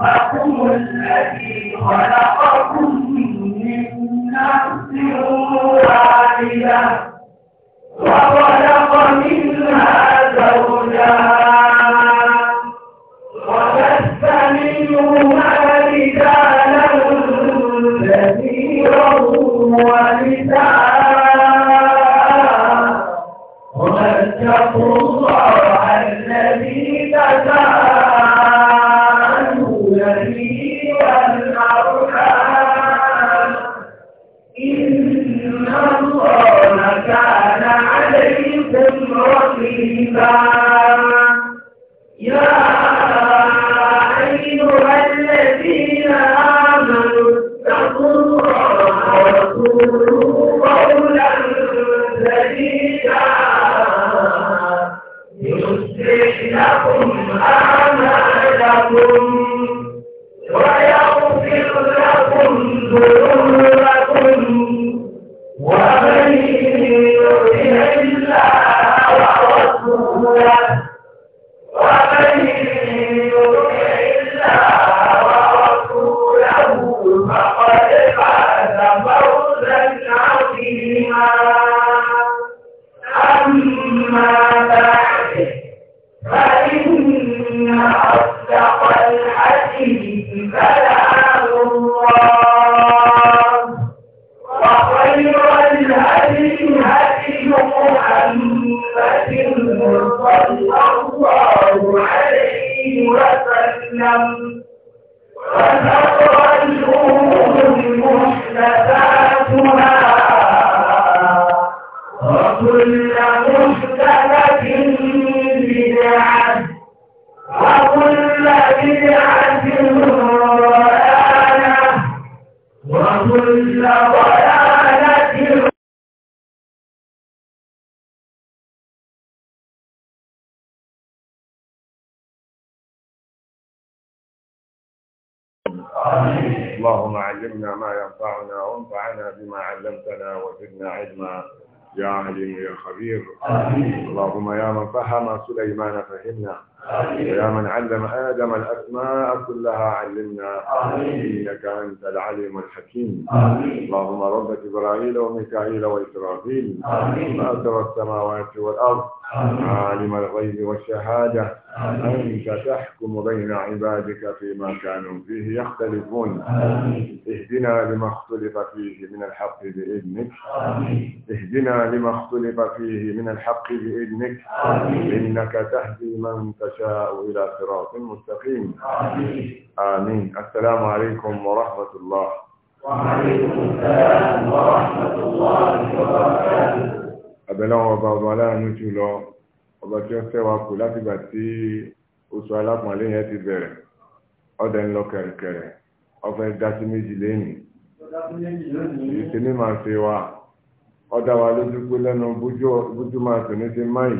ربكم الذي خلقكم من نفس واحده wasuka ima na fahimna يا من علم آدم الأسماء كلها علمنا إنك أنت العليم الحكيم اللهم رب إبراهيل وميكائيل وإسرافيل فأسر السماوات والأرض عالم الغيب والشهادة أنت تحكم بين عبادك فيما كانوا فيه يختلفون اهدنا لما اختلف فيه من الحق بإذنك اهدنا لما اختلف فيه من الحق بإذنك إنك تهدي من تشاء وإياه إلى صراط مستقيم آمين آمين السلام عليكم ورحمة الله وعليكم السلام ورحمة الله وبركاته أبلغ بابا لا نجلو ọba tí ó fẹ́ wa kù látìgbà tí oṣù alápọ̀nlé yẹn ti bẹ̀rẹ̀ ọdẹ ńlọ kẹ̀rẹ̀kẹ̀rẹ̀ ọfẹ́ dásí méjì lẹ́yìn èyí tí ní màá ṣe wa ọdá wa lójú pé lẹ́nu bójú máa tò ní ti máyì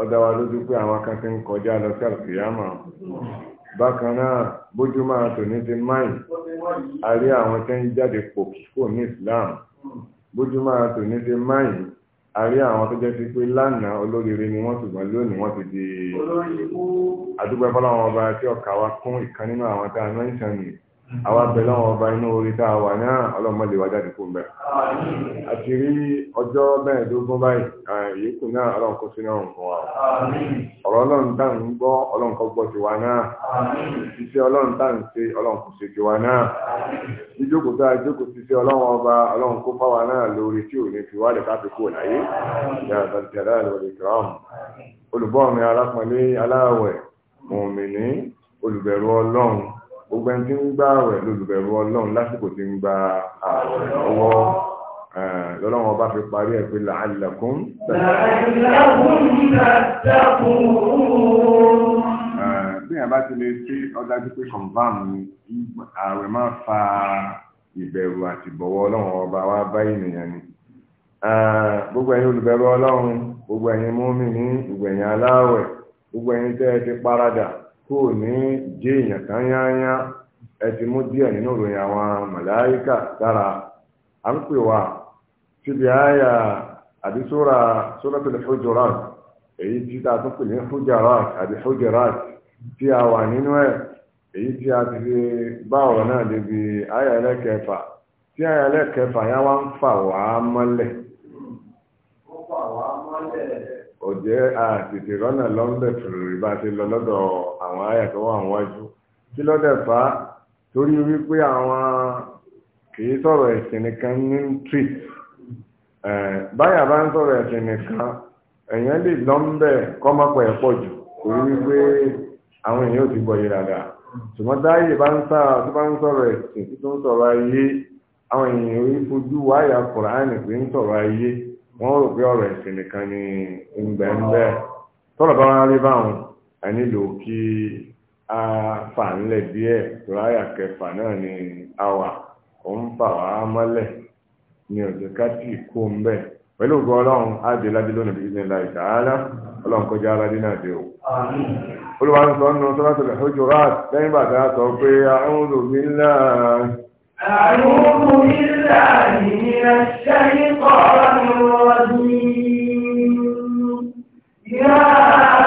ọdá wa lójú pé àwọn kan ti ń kọjá lọ sí àlùkìyàmà bákan náà bójú máa tò ní ti máì a rí àwọn tẹ́ ń jáde pòkìkò ní Islam bójú máa tò ní ti máì a rí àwọn tó jẹ́ sí pé lánàá olóríire ni wọ́n ṣùgbọ́n lónìí wọ́n ti di àdúgbò ẹ̀fọ́ láwọn ọba tí ọkà wa kún ìkan nínú àwọn tá a mẹ́ńtàn nìyí àwọn abẹ̀lẹ́ wọn ọba inú orí tá a wà náà ọlọ́mọdé wájà dìkú mbẹ́. àti rí ọjọ́ mẹ́ẹ̀ẹ́dógún báyìí ìyókù náà ọlọ́run kó sínú ọ̀run fún wa. ọ̀rọ̀ ọlọ́run tá à ń gbọ́ ọlọ́run kó gbọ́ tiwa náà. iṣẹ́ ọlọ́run tá à ń ṣe ọlọ́run kó ṣe tiwa náà. ìjókòó tá a jókòó ti ṣe ọlọ́run ọba ọlọ́run kó fáwa náà lórí tí ò ní fi wá káfí kúrò láyé. olùbọ́ mi arákùnrin aláwẹ̀ gbogbo ẹni tí ń gbá àwẹ̀ lólùbẹ̀rù ọlọ́run lásìkò tí ń gba àwẹ̀ lọ́wọ́ lọ́lọ́run ọba fi parí ẹ̀ pé làálàkún bí ẹ̀ bá ti ọlọ́run gbogbo ẹ̀yin olùbẹ̀rù ọlọ́run gbogbo ẹ̀yin aláwẹ̀ gbogbo ẹ̀yin tẹ́ ti paradà o ní jẹ́ èèyàn kan yáyá ẹ ti mú díẹ̀ nínú ìròyìn àwọn màláíkà dára à ń pè wá síbi àyà àbí èyí tí a tún pè ní Hujurat àbí Hujurat tí a wà nínú ẹ̀ èyí tí a ti fi bá ọ̀rọ̀ náà débi àyà ẹlẹ́kẹfà tí àyà ẹlẹ́kẹfà yá wá ń fà ò jẹ́ àtètè rọ́nà lọ́ńdẹ̀ fìrìrì bá ti lọ lọ́dọ̀ àwọn àyà tó wà wájú kí lọ́dẹ̀ fà á torí wípé àwọn kìí sọ̀rọ̀ ẹ̀sìn nìkan ní treat báyà bá ń sọ̀rọ̀ ẹ̀sìn nìkan èèyàn lè lọ́ńdẹ̀ kọ́mọ́pọ̀ ẹ̀ pọ̀ jù torí wípé àwọn èèyàn ò ti gbọ́ yìí dáadáa ṣùgbọ́n bá ń sá wọ́n rò pé ọ̀rọ̀ ẹ̀sìn nìkan ni ìgbẹ́ ń bẹ́ tọ́lọ̀ bá wọn rí báwọn a nílò kí a fà ńlẹ̀ díẹ̀ tòráyà kẹfà náà ni a wà ó ń fà wá mọ́lẹ̀ ní ọ̀jẹ̀ káàtì kó ń bẹ̀ pẹ̀lú ògùn ọlọ́run á ládé lónìí bí nílá ìdáálá ọlọ́run kọjá aládé náà dé o. olùwàlùsọ̀nù sọ́lá tó lè rà lẹ́yìn bàtà sọ pé àwọn olùmílà. أعوذ بالله من الشيطان الرجيم يا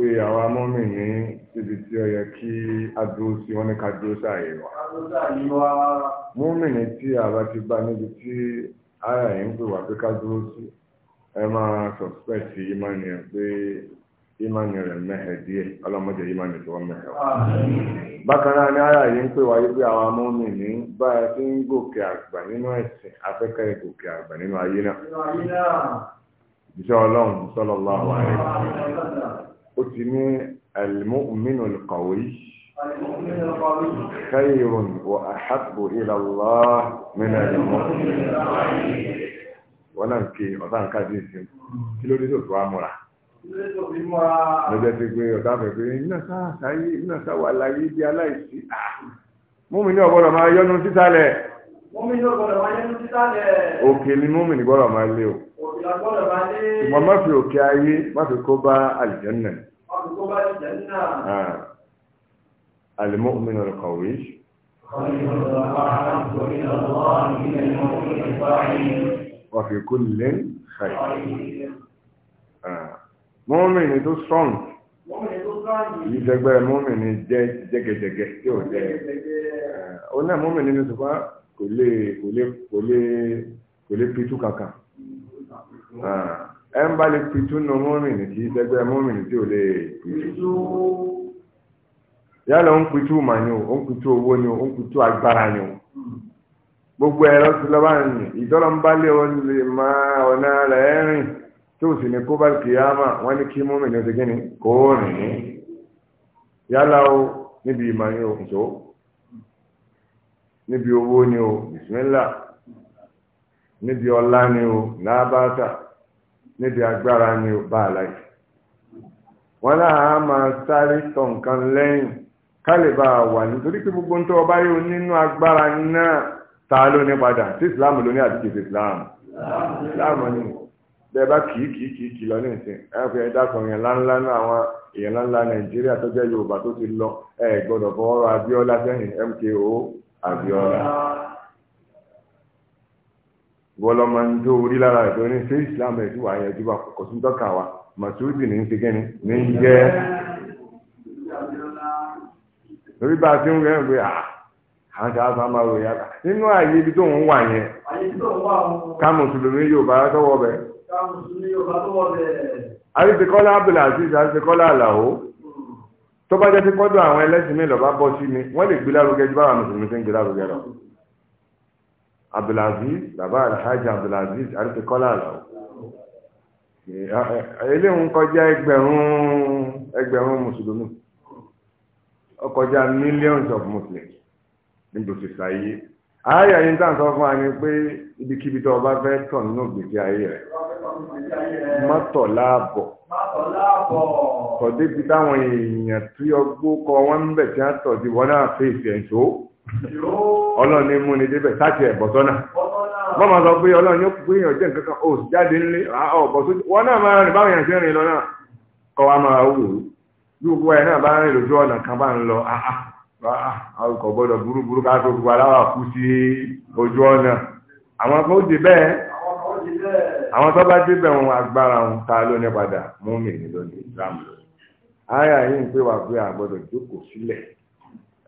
pé àwa ní tí ó yẹ tí ti níbi tí ara yìí ń pè wá pé ká dúró sí ẹ máa suspect ẹ pé rẹ tó wọ́n wá. bákan náà ní ara yìí ń pè wáyé pé àwa mọ́mì ní bá a ti ń gòkè àgbà nínú ẹ̀sìn afẹ́kẹ́ gòkè àgbà nínú ayé náà. ó ti ní al-mu'minu al-qawi khayrun wa ahabbu ila Allah min al-mu'min wọ́n náà kí ọ̀tá nǹkan dín sí kí ló dé tó tó amúra lọ́jọ́ ti gbé ọ̀tá fẹ̀ pé iná sáà sáyé iná sáà wà láyé bí aláìsí ah! múmi ní ọ̀gbọ́dọ̀ máa yọ́nu sísàlẹ̀ òkè ni múmi ní gbọ́dọ̀ máa lé o ìmọ̀ má fi òkè ayé má fi kó bá àlìjẹ́nà. المؤمن القوي وفي كل خير مؤمن تو strong yìí sẹgbẹ́ mọ́mìnì jẹ́ jẹ́gẹ́jẹ́gẹ́ tí ò jẹ́ ọ náà mọ́mìnì ní sọ́kà kò lè kò lè kò lè kankan ẹ ń bá lè pitú nu mọ́mìnì kì í sẹ́gbẹ́ mọ́mìnì tí ò lè pitú. yálà ń pitú mà ni o ń pitú owó ni o ń pitú agbára ni o gbogbo ẹ̀rọ ti lọ́wọ́ àyìn ìdọ́rọ̀ ń bá lé wọn lè máa ọ̀nà rẹ̀ rìn tí ò sì ní kó bá kìyàmà wọ́n ní kí mọ́mìnì ó ti gíní kó rìn ní yálà o níbi ìmọ̀ ni o kò tó níbi owó ni o bisimilá. níbi ọlá ni o lábàtà níbi agbára ni o bá àlàyé wọn náà máa sáré tọ̀ nǹkan lẹ́yìn kálíbà wà nítorí pé gbogbo ń tọ́ ọba yóò nínú agbára náà ta ló ní padà tí islam ló ní àdìgbèsè islam islam ni bẹ́ẹ̀ bá kìí kìí kìí kìí lọ ní ìsìn ẹ̀fẹ̀ ẹ̀dákan yẹn ńláńlá náà àwọn èèyàn ńláńlá nàìjíríà tó jẹ́ yorùbá tó ti lọ ẹ̀ gbọ́dọ̀ fọwọ́rọ̀ abíọ́lá sẹ́yìn mko abíọ́lá. bọ́lọ́ máa ń jó orí lára rẹ̀ tó ní ṣé islam ẹ̀ tí wàá yẹ jù bá kò sí tọ́ka wa màtúrúdì ní ṣe kẹ́ni ní ń jẹ́ lórí bá a ti ń rẹ́ pé àwọn sáà bá máa ròyìn àgbà nínú ààyè ibi tó ń wà yẹn ká mùsùlùmí Yorùbá tọwọ́ bẹ̀. ká mùsùlùmí Yorùbá tọwọ́ bẹ̀. àríṣekọ́lá Abdulaziz àríṣekọ́lá Àlàó hmm. tó bá jẹ́ pé kọ́dọ̀ àwọn ẹlẹ́sìn mi lọ́ba bọ́ sí mi wọ́n lè gbé lárugẹ ju báwa mùsùlùmí ṣe ń gbé lárugẹ lọ abdulaziz bàbá alhaji abdulaziz arítìkọ́lá àlọ́ eh, eléhùn kọjá ẹgbẹ̀rún ẹgbẹ̀rún mùsùlùmí ó kọjá millions of muslims níbi òṣìṣẹ́ ayé ayé ayé tá à ń sọ fún wa ni pé ibikíbi tó o bá fẹ́ tọ̀ nínú gbèsè ayé rẹ̀ mọ́tò láàbọ̀ tọ̀débi táwọn èèyàn tí ọgbó kọ wọ́n ń bẹ̀ tí wọ́n tọ̀ sí wọ́n náà fèsì ẹ̀ tó. ọlọ́run ní mú ni débẹ̀ sáàtì ẹ̀ bọ̀sọ́nà wọ́n máa sọ pé ọlọ́run yóò nǹkan kan ó jáde nílé ọ̀bọ̀ wọn náà máa rìn báwọn èèyàn rìn lọ náà kọ́ wa máa wò ẹ̀ náà bá rìn lójú ọ̀nà kan bá ń lọ gbọ́dọ̀ burúburú ká tó aláwà kú sí ojú ọ̀nà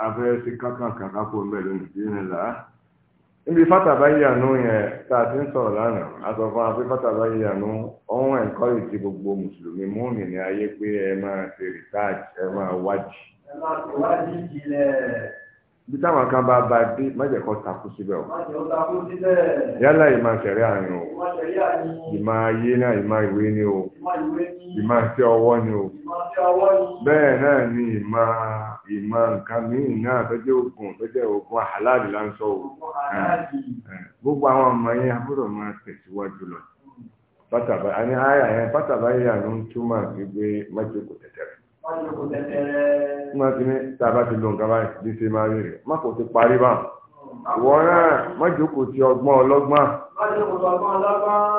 afẹ́ sí kaka kankan kó mbẹ́ lónìí bí nìlá níbi fátàbáyànú yẹn tá a ti ń sọ̀rọ̀ lánàá a sọ fún wa pé fátàbáyànú ọ̀hún ẹ̀ńkọ́rì tí gbogbo mùsùlùmí múmi ní ayé pé ẹ máa ṣe rìsáàjì ẹ máa wájì. ẹ máa ṣe wájì jìnlẹ̀. bí táwọn kan bá ba dé májèkọ́ takú síbẹ̀ o. májèkọ́ takú síbẹ̀. yálà ìmọ̀ ṣẹ̀rí àárín o. ìmọ̀ ṣẹ̀rí àárín. ìmọ̀ ayé náà ìmọ̀ ìwé ni o. ìmọ̀ ìwé ni. ìmọ̀ ìmọ̀ nǹkan míì náà tó jẹ́ ogun tó jẹ́ ogun àhàláàdì láńsọ ogun gbogbo àwọn ọmọ yẹn agbọ́dọ̀ máa tẹ̀síwájú lọ àní àyà yẹn pátábá yà ló ń túmọ̀ sí pé májòkò tẹ̀tẹ̀rẹ̀ túmọ̀ sí ní tá a bá ti lo nǹkan báyìí bí ṣe máa rí rẹ̀ má kò ti parí báwọn ìwọ náà májòkò ti ọgbọ́n ọlọ́gbọ́n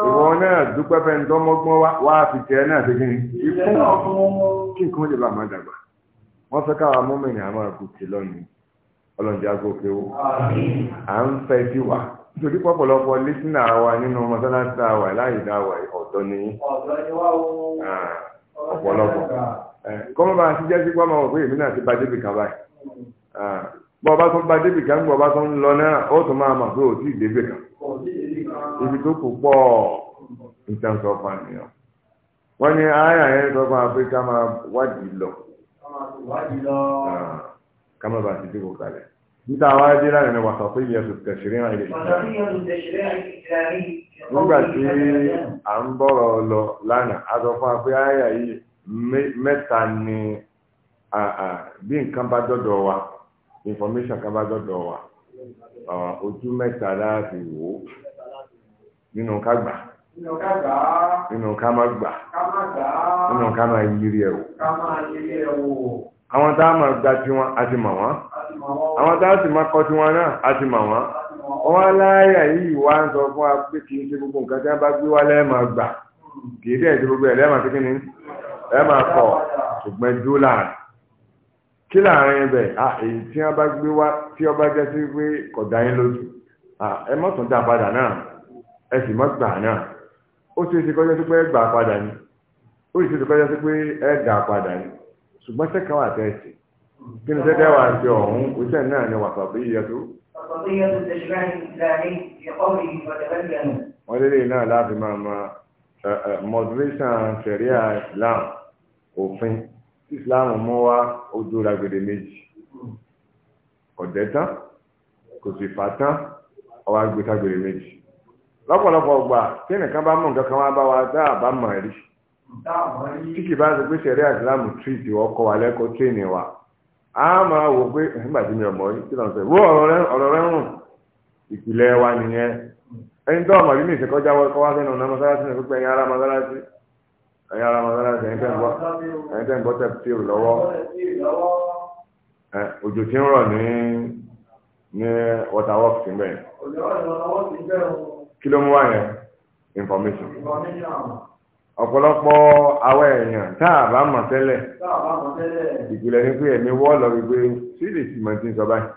ìwọ náà dúpẹ́ fẹ́ ń dánmọ́gbọ́n wá fi tẹ̀ náà ṣe kí ni kí nǹkan lè bá máa dàgbà wọ́n fẹ́ káwa mọ́mìnì àmọ́ àgùntì lọ́nìí ọlọ́njà gòkè ó à ń fẹ́ sí wa nítorí pọ̀pọ̀lọpọ̀ lísínà wa nínú mọ́sálásí àwà láyé dáwà ọ̀dọ́ ni ọ̀pọ̀lọpọ̀ kọ́mọ́ bá ti jẹ́ sí pọ́nmọ́ òkú èmi náà ti bá débi kan báyìí bọ́ ọba tó bá débi kan gbọ́ ọba tó ń lọ náà ó tún máa mọ̀ pé ò tí ì kan ibi tó kù pọ̀ ìtàn sọ fún àníyàn wọ́n ní ààyè àyẹ̀ fún Áfíríkà máa wádìí lọ kámá bá ti dìbò kalẹ̀ níta wá dé láàrin náà wàhálà fún ìyẹn tuntun ṣeré hàn ilé nígbà tí à ń bọ̀rọ̀ lọ lánàá a sọ fún wa pé àyà yìí mẹ́ta ni bí nǹkan bá dọ̀dọ̀ wa information kan bá dọ̀dọ̀ wa ojú mẹ́ta láti wò ó nínú nínú ká má gbà nínú ká má yiri ẹ̀ wò àwọn tá a máa gba tiwọn a ti mọ̀ wọ́n àwọn tá a sì máa kọ tiwọn náà a ti mọ̀ wọ́n wọ́n láyà yìí wá ń sọ fún wa pé kì í ṣe gbogbo nǹkan tí wọ́n bá gbé wá lẹ́ẹ̀ máa gbà hmm. kì í dẹ̀ ṣe gbogbo ẹ̀ lẹ́ẹ̀ máa kíkí ni ẹ̀ máa kọ̀ ṣùgbọ́n dúró láàrin kí láàrin ibẹ̀ èyí tí wọ́n bá gbé wá tí wọ́n bá jẹ́ sí pé kọ̀dá yín lójú ẹ mọ̀tún dá padà náà ẹ sì mọ̀ gbà náà ó ṣe é ṣe kọjá sí pé ẹgbàá padà ni ó ṣe é ṣe kọjá sí pé ẹgbàá padà ni ṣùgbọ́n sẹ́kàn wà tẹ́sí kí ni sẹ́kàn wà ti ọ̀hún oṣẹ́ náà ni wàtà bí iye tó. wọ́n lélẹ̀ náà láti máa ma moderation sharia islam òfin islam mú wá ojú ra méjì ọ̀dẹ́ tán kò sì fà tán ọwọ́ agbèta gbèdé méjì. lọ́pọ̀lọpọ̀ gbà tí nìkan bá mú nǹkan wá bá wa dá mọ̀ rí tí kì bá ti pé sẹ̀rí àsìlámù tírìtì ọkọ̀ wa lẹ́kọ̀ọ́ tírénì wa a máa wò pé nígbà tí mi ò mọ̀ rí sọ ọ̀rọ̀ rẹ̀ rùn ìpìlẹ̀ wa nìyẹn ẹni tó ọmọ ìṣèkọjá wọ mọ́sálásí ní pípẹ́ ẹ̀yà ara mọ́sálásí ẹ̀yà ara mọ́sálásí ẹ̀yìn tẹ́ ń gbọ́ lọ́wọ́ kí ló mú wá yẹn information ọ̀pọ̀lọpọ̀ àwọn èèyàn tá a bá mọ̀ tẹ́lẹ̀ ìpìlẹ̀ ni pé ẹ̀mí wọ́ lọ wípé sí lè sì mọ̀ tí ń sọ báyìí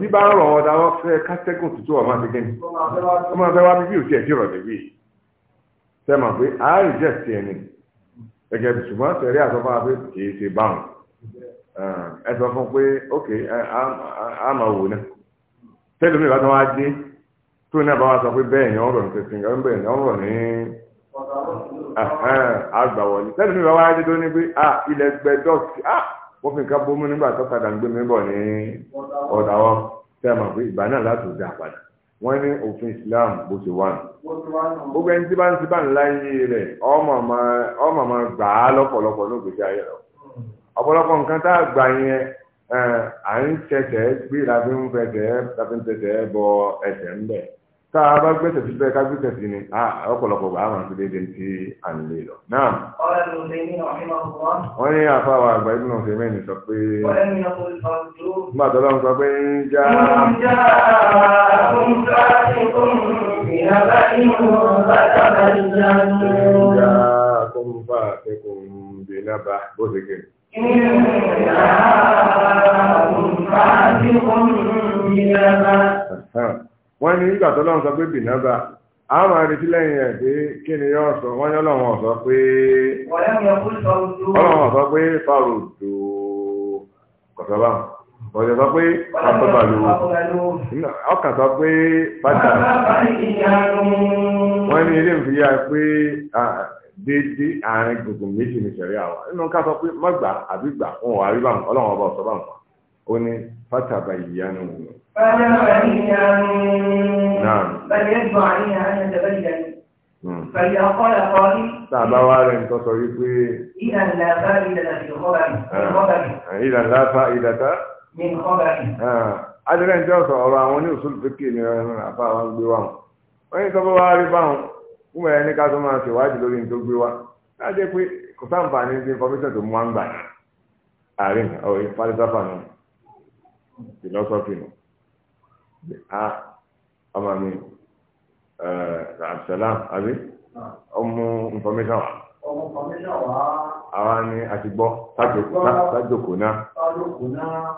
bí bá ń rọ̀ wọn dáwọ́ fẹ́ kátẹ́gùn tuntun ọ̀ máa fi kí ni ó máa fẹ́ wá bíbí òsì ẹ̀jì rọ̀ débi tẹ́ mọ̀ pé a rí jẹ́ sí ẹni gẹ́gẹ́ ṣùgbọ́n sẹ̀rí àsọfún pé kì í ṣe báwọn ẹ sọ fún pé ok a máa wò náà tẹ́lẹ̀ mi ìbátan wá dé tó ní àbáwá sọ pé bẹ́ẹ̀ ni ọ̀rọ̀ ní fífi ń bẹ̀rẹ̀ ní ọ̀rọ̀ ní agbàwọlé sẹ́ni mi bá wá dé tó ní pé ah ilẹ̀ gbẹ dọ́ọ̀tì ah wọ́n fi nǹkan bómú nígbà tó padà ń gbé mi bọ̀ ní ọ̀dàwọ́ tẹ́ ẹ mọ̀ pé ìgbà náà láti dà padà wọ́n ní òfin Islam bó ti wà nù. gbogbo ẹni tí bá ń ti bá ń láyé rẹ̀ ọmọ máa gbà á lọ́pọ̀lọpọ̀ ní òkèjì ayé rẹ̀ ọ̀pọ̀lọpọ̀ nǹkan tá a gbà à ń tẹ̀tẹ̀ gbéra bí ń fẹsẹ̀ tàbí ń tẹ̀tẹ̀ bọ ẹsẹ̀ ń bẹ̀ tá a bá gbẹ́sẹ̀ sí bẹ́ẹ̀ ká gbẹ́sẹ̀ sí ni ọ̀pọ̀lọpọ̀ bá máa ń fi déédéé ti à ń lè lọ. náà wọ́n ní àfáwà àgbà ibùdó náà fèmí ń já. ń já ń bá ti kún ìyàbá inú bàtà bàtà ìjà ń lò. ń já kún bá ti kún bí wọ́n ní ìgbà tó lọ́n sọ pé bìnàbà a máa retí lẹ́yìn ẹ̀ pé kí ni yóò sọ wọ́n ní ọlọ́run ọ̀sọ́ pé ọlọ́run ọ̀sọ́ pé fáwọn kọ̀sọ́bà sọ pé pàtàkì ọkàn sọ pé wọ́n ní ilé ìfìyà pé déédéé àárín gbùngbùn méjì ní sẹ̀rí àwọn nínú ká sọ pé má gbà àbí gbà fún wa rí báwọn ọlọ́run ọba ọ̀sọ́ báwọn ó ní fátàbà ìyanu wò. fátàbà ìyanu bẹ̀rẹ̀ gbọ́ àyìn àyìn ẹ̀dẹ̀bẹ̀ ìyanu. Hmm. Fẹ̀yà ọ̀kọ́lá kọ́rí. Tá a bá wá rẹ̀ nǹkan sọ wípé. Ìlànà láfa ìlànà ìkọ́bàbí. Ah. Ìlànà láfa ìdàtà. Mi ìkọ́bàbí. Ah. Adìrẹ́ ń jẹ́ ọ̀sán ọ̀rọ̀ àwọn oníṣòwò fẹ́kì ni ń gbé wa. Wọ́n yí sọ fúnmọ̀ ẹni ká tó máa ṣèwádìí lórí ní tó gbé wá láti pé kò sáǹfà ní ti information tó mú wá ń gbà àárín ọ̀rẹ́ pálísáfà nù philosophy nù a ọmọ mi eh, abdulsalam àbí ọmọ information wa àwa ni a ti gbọ́ sájòkó náà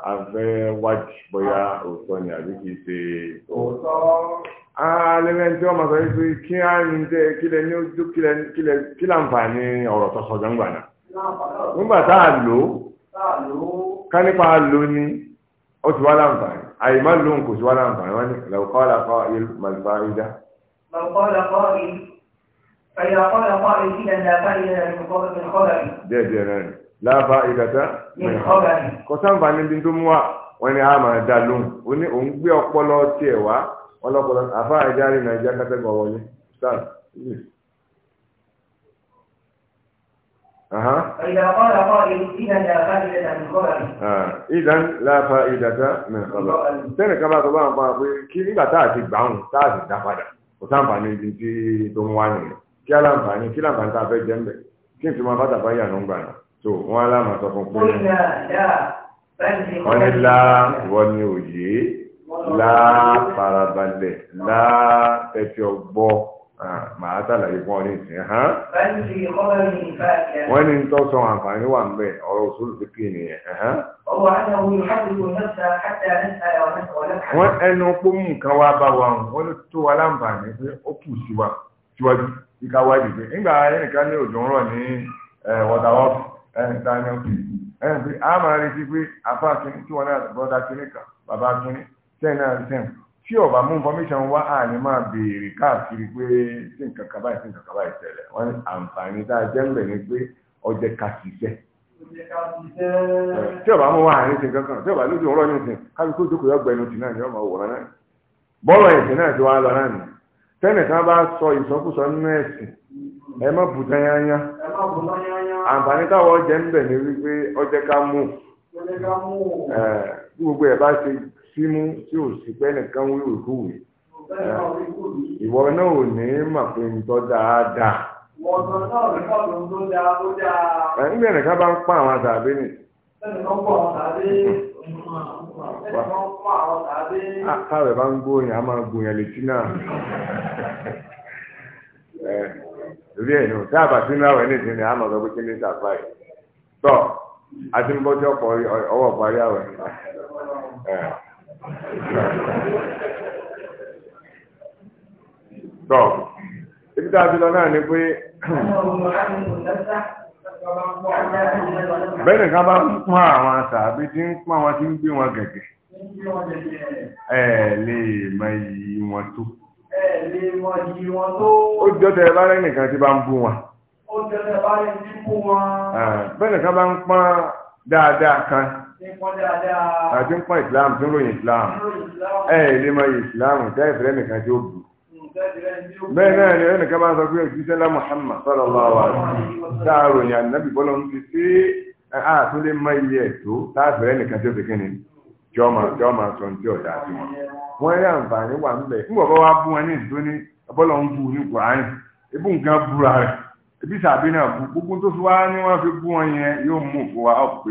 a fẹ́ wájú bóyá òótọ́ ni àbí kìí ṣe òótọ́ alẹ́mẹ́ntì ah, ọmọ sọ wípé kí á ní tẹ́ kílẹ̀ ní ojú kílẹ̀ àǹfààní ọ̀rọ̀ tó sọ̀jọ́ ńgbà náà nígbà tá a lò ó ká nípa lò ní ó ti wá láǹfààní àyè má lóhùn kò sí wá láǹfààní wọn ni làwùkọ́ làkọ́ ìlú màlúfà ìdá. làwùkọ́ làkọ́ ìlú fẹ̀yà kọ́ làkọ́ ìlú ilẹ̀ nàbà ilẹ̀ ìkọ́lẹ̀. díẹ̀ díẹ̀ náà ni láàbà ìdàtà kò sáǹfààní bí tó mú wa wọn ni a máa dá lóhùn ó ní òun gbé ọpọlọ wọn lọ́pọ̀lọ́ àfa àjáre nàìjíríà kátẹ́gùn ọ̀wọ́lé sáà Ìdán láfa ìdàtà mẹ́kọ̀lọ́. Tẹ́nì kan bá sọ bá ń pa pé kí nígbà táà ti gbà ń táà ti dá padà, kò sáǹfààní ibi tí tó ń wá nìyẹn. Kí aláǹfààní, kí láǹfààní tá a fẹ́ jẹ́ ń bẹ̀. Kí n fi máa bá tàbá yà ló ń gbà náà. So wọ́n á láàmà sọ fún pé. Wọ́n ní lá, wọ́n ní òye láà farabalẹ̀ láà ẹtì ọgbọ́ màá tàlàyé fún ọ ní ìsìn hàn. wọ́n ní ń tọ́ sọ àǹfààní wà ń bẹ̀ ọ̀rọ̀ òṣèlú ti pè nìyẹn. wọ́n ẹnu pọ́ mú nǹkan wá bá wa wọ́n ló tó wa láǹfààní pé ó kù sí wa síwájú ìka wá dìde nígbà ẹnìkan ní òjò ń rọ̀ ní wọ́tàwọ́pù ẹnìkan ní ọ̀pì ẹnìkan á máa retí pé afáàkíní tí wọ́n náà bọ́dá kíní kan bàbá kíní ten and uh, ten tí ọba mú information wá àní máa béèrè káàkiri pé tí nǹkan kan báyìí tí nǹkan kan báyìí ní àǹfààní tá a ń ni pé ọjẹ́ ká tí ọba mú wá àní ti nǹkan kan tí ọba lójú ọ̀rọ̀ yóò sìn kálukú jókòó yọgbẹ́ ẹnu tì náà ni ọmọ náà bọ́ọ̀lù náà ti wá lọ náà tẹ́nì kan bá sọ ìsọkúsọ nínú ẹ̀sìn ẹ má yányá àǹfààní táwọn símú tí ò sí nìkan wíwì ìwọ náà ò ní mà pé ń tọ́ dáadáa. ẹ̀ ń gbé nìkan bá ń pa àwọn àtàbí nì. Káàbẹ̀ bá ń gbóyìn, a máa gbóyìn létí náà. ẹ̀ nù, a bá sínú àwẹ̀ ni a máa kí ní sàfà yìí. Tọ́, a ti ń ọwọ́ parí àwẹ̀. tọ́ ibi tá a ti lọ náà ni pé bẹ́ẹ̀ nìkan bá ń pọ́n àwọn àṣàbí tí ń pọ́n wọn tí ń gbé wọn gẹ̀gẹ̀ ẹ lè mọ iyì wọn tó ó jọ́ tẹ bá rẹ́ nìkan tí bá ń bú wọn ó jọ́ tẹ bá rẹ́ nìkan tí bá ń bú wọn bẹ́ẹ̀ nìkan bá ń pọ́n dáadáa kan àti ń pọ́n islam tó ròyìn islam ẹ ẹ lè mọ islam tẹ́ ìfẹ́ nìkan tí ó bù bẹ́ẹ̀ náà ni ẹnìkan bá sọ pé òjíṣẹ́ lá Muhammad sallallahu alaihi táà ròyìn ànábì bọ́lọ̀ ń fi sí àtún lè mọ iye ẹ̀tọ́ táà nìkan tí ó fi kí ni jọmọ jọmọ sọ ní tí ọ̀dà àti wọn wọn rí àǹfààní wà ń bẹ̀ nígbà bá wá bú wọn ní ìdúró ní bọ́lọ̀ ń bú ní kùránì ebú nǹkan búra rẹ̀ ebi sàbí náà gbogbo tó fi wá ní wọ́n fi bú wọn yẹn yóò mú òkú wa ọ̀ pé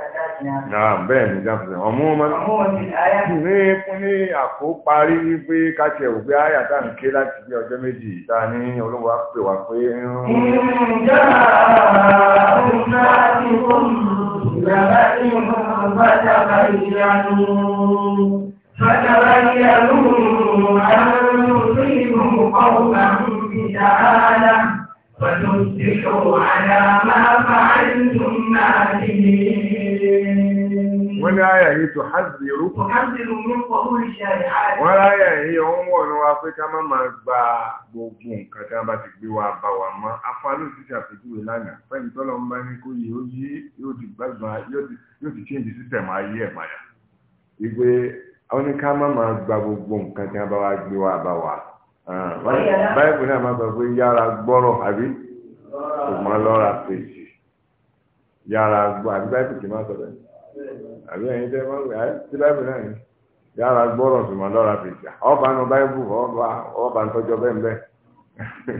náà bẹ́ẹ̀ ni jáfẹ́ ọmọ ọmọ ní fún ní àkóparí wípé káṣẹ òpé àyàtà ń ké láti bí ọjọ́ méjì ìta ní olówó á pè wá pé ń فتبينوا أن تصيبوا قوما بجهالة فتصبحوا على ما فعلتم نادمين wọ́n ní àyà yìí tó hàzì rúkọ. wọ́n láyà yìí òun wọ̀ ní wa pé ká má máa gba gbogbo nǹkan tí wọ́n bá ti gbé wa bá wa mọ́ afáàlú ti ṣàpèjúwe lánàá fẹ́ni tọ́lọ́ ń bá ní kó yìí ó yí yóò ti gbàgbọ́n yóò ti change system ayé ẹ̀ padà. ìgbé àwọn ní ká má máa gba gbogbo nǹkan tí wọ́n bá wa gbé wa bá wa. báyìí náà máa sọ pé yára gbọ́rọ̀ àbí kò mọ́ lọ́ra fèsì yára gbọ́ àbí báyìí kì àbí ẹ̀yin tẹ́ wọ́n ẹ̀ tí báyìí náà ni yàrá gbọ́rọ̀ sùnmọ́ lọ́ra fìjà ọba nu báyìí ọba ọba ntọ́jọ́ bẹ́ẹ̀ bẹ́ẹ̀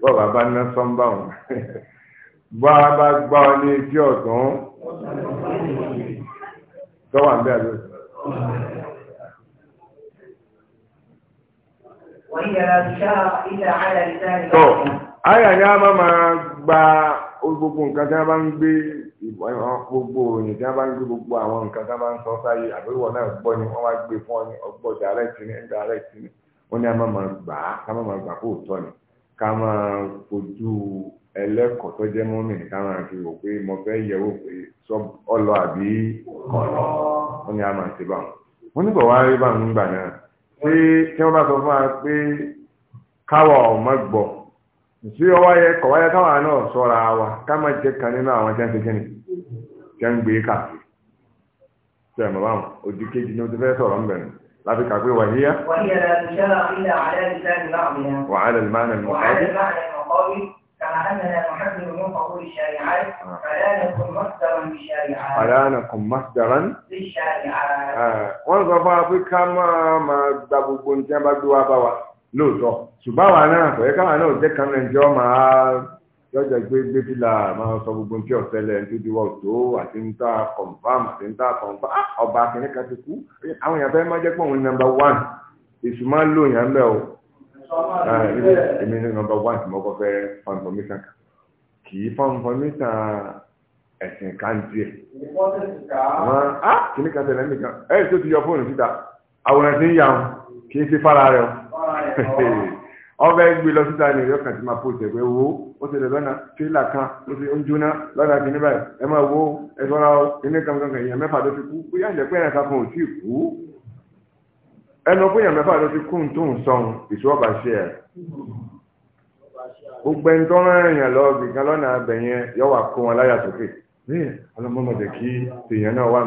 bọ́ọ̀bà bá ná sọ́ńbà wọn bá a bá gbá ọ ní etí ọ̀tún tọ́wà ń bẹ́ àlọ́ tó àyà ni a máa gba gbogbo nǹkan tí a bá ń gbé gbogbo òyìn tí wọ́n bá ń gbé gbogbo àwọn nǹkan tí wọ́n bá ń sọ sáyé àbẹ̀wò náà gbọ́ ni wọ́n wá gbé fún ọ ní ọgbọ́ dàrẹ́tì ní ẹ̀dàrẹ́tì ní wọ́n ní a máa máa gbà á ká máa máa gbà kó tọ́ ni ká máa fojú ẹlẹ́kọ̀ọ́ tó jẹ́ mọ́mì ká máa fi wò pé mo fẹ́ yẹ̀wò pé ọlọ àbí kọ̀ọ̀nà wọ́n ní a máa ṣe báwọn. wọ́n nígbà wá rí báwọn nígbà náà pé tí wọ́n bá sọ fún wa pé káwọ̀ ọ̀ tí ọwọ́ yẹ kọ̀wáyẹ táwọn náà sọ́ra wa ká má jẹ́ kan nínú àwọn jẹ́ ń tẹ́kẹ́ni jẹ́ ń gbé káàkiri tí ẹ̀mọ̀ bá wọn ojú kejì ní o fẹ́ sọ̀rọ̀ ń bẹ̀rẹ̀ láti kàgbé wàhíyá wàhálà ìmáàlì mọ̀kọ́bí Àdáàna kò mọ́sídàrán. Wọ́n sọ fún wa pé ká máa gba gbogbo nǹkan bá gbé wa bá wa lóòótọ́ ṣùgbọ́n àwọn náà kọ̀yẹ́ káwọn náà jẹ́ kan lẹ́yìn tí wọ́n máa yọjọ gbé gbé fìlà máa sọ gbogbo tí ọ̀sẹ̀lẹ̀ ń dúdú wọ́n tó àti ń tà kọ̀ǹfàm àti ń tà kọ̀ǹfàm ọba akínní kan ti kú àwọn èèyàn fẹ́ máa jẹ́ pé òun nọ́mbà wán èṣù máa ń lò yàn bẹ́ẹ̀ o ah, èmi ní nọ́mbà wán tí mo kọ́ fẹ́ fọ́nfọ́mísàn kan kì í fọ́nfọ́mísàn ẹ̀sìn kan díẹ̀ wọ́n á ah, kìnnìkan tẹ̀lé nìkan ẹ̀ tó ti yọ fóònù síta àwòrán ti ń yà wọn kì í ti fara rẹ̀ o. ọbẹ̀ gbé lọ síta ní ìyọ́ kàtí máa pòtẹ̀ pé wo ó ti lè lọ́nà tírélà kan ó ti ń jóná lọ́nà kìíní báyìí ẹ máa wo ẹ sọ́ra o kíní kankan èèyàn mẹ́fà ló ti kú bóyá ìjẹ́ pé ẹ̀ka kan ò tí ì kú ẹnu pé èèyàn mẹ́fà ló ti kú tó ń sọ̀hún ìṣọ́ọ̀bà ṣe ẹ̀ gbogbo ẹni tó rán èèyàn lọ gbìkan lọ́nà abẹ yẹn yọ wà kó wọn láyà sókè ní ọlọ́mọdé kí tèèyàn náà wà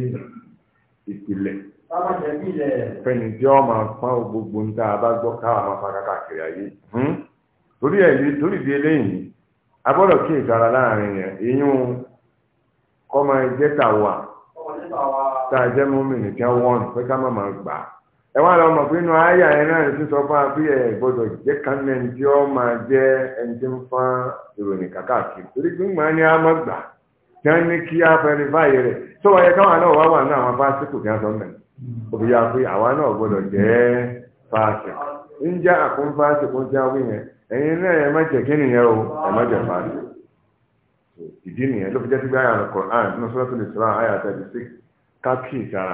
ń ìpìlẹ̀ fẹ́ni tí ọ máa pọ́n gbogbo ń tá a bá gbọ́ káwa máa fa káàkiri ayé hmm? torí ẹ̀ torí di eléyìí a gbọ́dọ̀ kí ìtara láàrin yẹn ìyún kọ́ máa jẹ́ tàwa tá a jẹ́ mọ́mìnì tí wọ́n pé ká má máa gbà á ẹ wá lọ́mọ pé inú ayé àyẹ̀ náà ní sísọ fún abí ẹ̀ gbọ́dọ̀ jẹ́ kánẹ́ tí ọ máa jẹ́ ẹni tí ń fọ́n ìròyìn kàkàkiri torí gbígbọ́n ni a máa gbà kí wọ́n ní kí á fẹ́rifáì rẹ̀ tó wáyé káwọn náà wá wà ní àwọn fásitì kí wọ́n sọ mẹ́rin òbí yà pé àwa náà gbọ́dọ̀ jẹ́ fásitì ń já àkún fásitì kún já wí yẹn ẹ̀yin náà ẹ̀ má jẹ́ kí nìyẹn o ẹ̀ má jẹ́ fásitì ìdí nìyẹn ló fi jẹ́ al Isra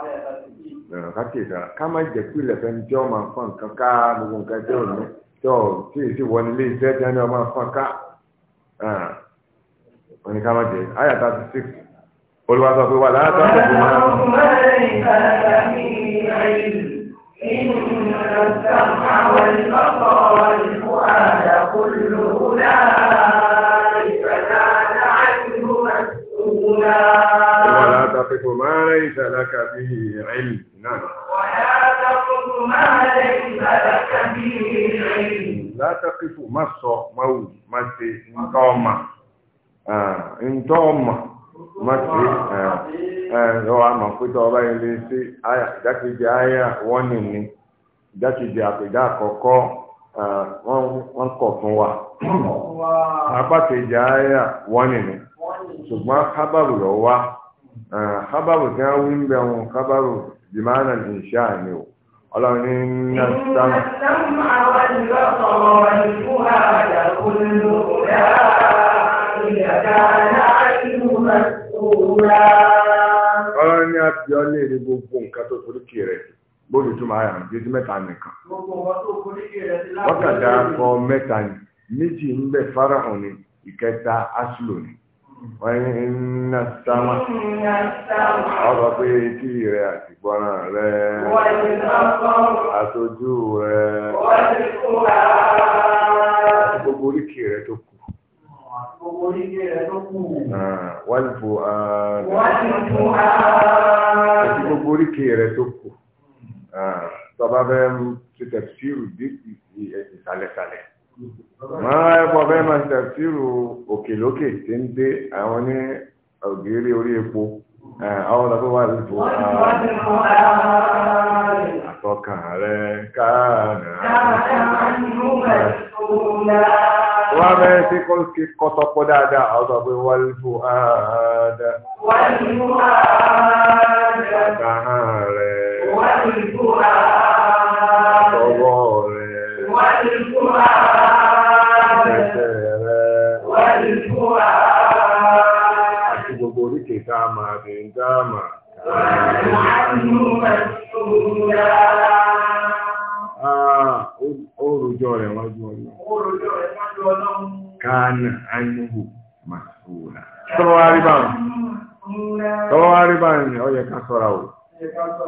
àyà ìtara ìtara ká má jẹ́ máa fọ́n gbogbo nǹkan tí ì oníkàmá jẹ àyà thirty six olùwà sọ pé wà láàtọ̀ àti ìgbìmọ̀ náà. ولا تقف ما ليس لك به علم نعم ولا تقف ما ليس لك به علم لا تقف مصر موت ما ما ntọ́ ọmọ má sí lọ́wọ́ àmọ́ ọba yẹn lè ṣe ahịa àyà ni ìdákejì àpèdá àkọ́kọ́ wọ́n kọ̀ fún wa apá kejì àyà ni ṣùgbọ́n kábàrù lọ wá kábàrù tí wọ́n wí ń bẹ̀ wọn kábàrù dìmánà ní ìṣe àní o ní bí ọ léèrè gbogbo nǹkan tó torí kì rẹ̀ bóòlù tó máa yàn jíjí mẹ́ta nìkan. wákàtí akọ mẹ́ta ni méjì ń bẹ farahàn ni ìkẹta aslo ni. wọ́n ní ọ̀rọ̀ pé etí rẹ̀ àti gbọ́ràn rẹ̀ rẹ̀ àti gbogbo oríkì rẹ̀ tó kù. oríkè rẹ̀ tó kù. wálìfò ààrẹ. wálìfò ààrẹ. àti gbogbo oríkè rẹ̀ tó kù. Ah, tọ́ba fẹ́ ṣe tẹ̀síìrù dé ìsàlẹ̀sàlẹ̀. máa ẹ̀kọ́ fẹ́ máa ṣe tẹ̀síìrù òkèlókè tí ń dé àwọn ní ògiri orí epo. Ah, àwọn ọ̀dọ́ wálìfò ààrẹ. àtọkàn rẹ̀ káàdà. káàdà ń lù mẹ́sùn náà wọ́n bẹ́ẹ̀ sí kó kí kọ́ sọpọ̀ dáadáa ọ̀sọ̀ pé wọ́n fò áádá. wọ́n fò áádá. àtàhà rẹ̀. wọ́n fò áádá. àtọwọ́ rẹ̀. wọ́n fò áádá. ẹsẹ̀ rẹ̀. wọ́n fò áádá. àti gbogbo oríkèé tá a máa fi ń dá a máa. Orùjọ rẹ̀ wọ́n ju كان عنه مسؤولا سواري بان سواري بان او يكن سواره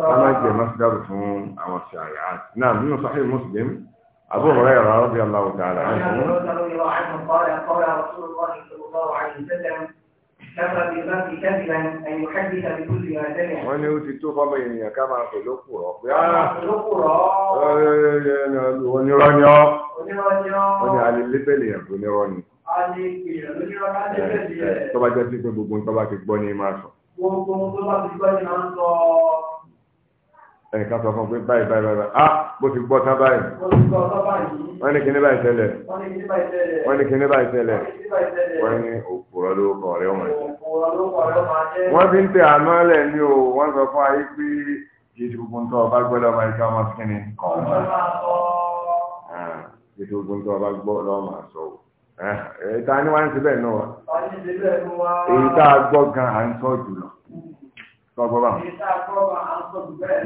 كما مصدر ثم او الشائعات نعم من صحيح مسلم ابو هريره رضي الله تعالى عنه رضي الله عنه قال قال رسول الله صلى الله عليه وسلم wọ́n ní ó ti tó fọ́mọ ènìyàn ká máa pè lókù rọ̀ pé onírọ́ ni ọ́ wọ́n ní alẹ́ lébẹ̀lẹ̀ ẹ̀kọ́ onírọ́ ni tọ́bajẹ́ sí pé gbogbo nǹkan bá ti gbọ́ ní máa sọ. gbogbo nǹkan bá ti gbọ́ ní máa ẹnìkan sọ fún un pé báyìí báyìí báyìí ah bó ti gbọ́ tán báyìí wọ́n ní kíní báyìí tẹ́lẹ̀ wọ́n ní kíní báyìí tẹ́lẹ̀ wọ́n ní òpùrọ̀ ló kọ̀ ọ̀rẹ́ wọn jẹ́ wọ́n fi ń tẹ àná lẹ̀ ní o wọ́n sọ fún ayé pé kì í ti gbogbo nǹkan ọba gbọ́dọ̀ máa ń ká ọmọ kíní kọ̀ ọ́ kì í ti gbogbo nǹkan ọba gbọ́dọ̀ máa sọ o ẹ̀ẹ́ta eh, eh, ni wọ́n ń ṣe bẹ́ẹ̀ náà èyí tá a gbọ́ gan à ń sọ jùlọ sọgbọ́bà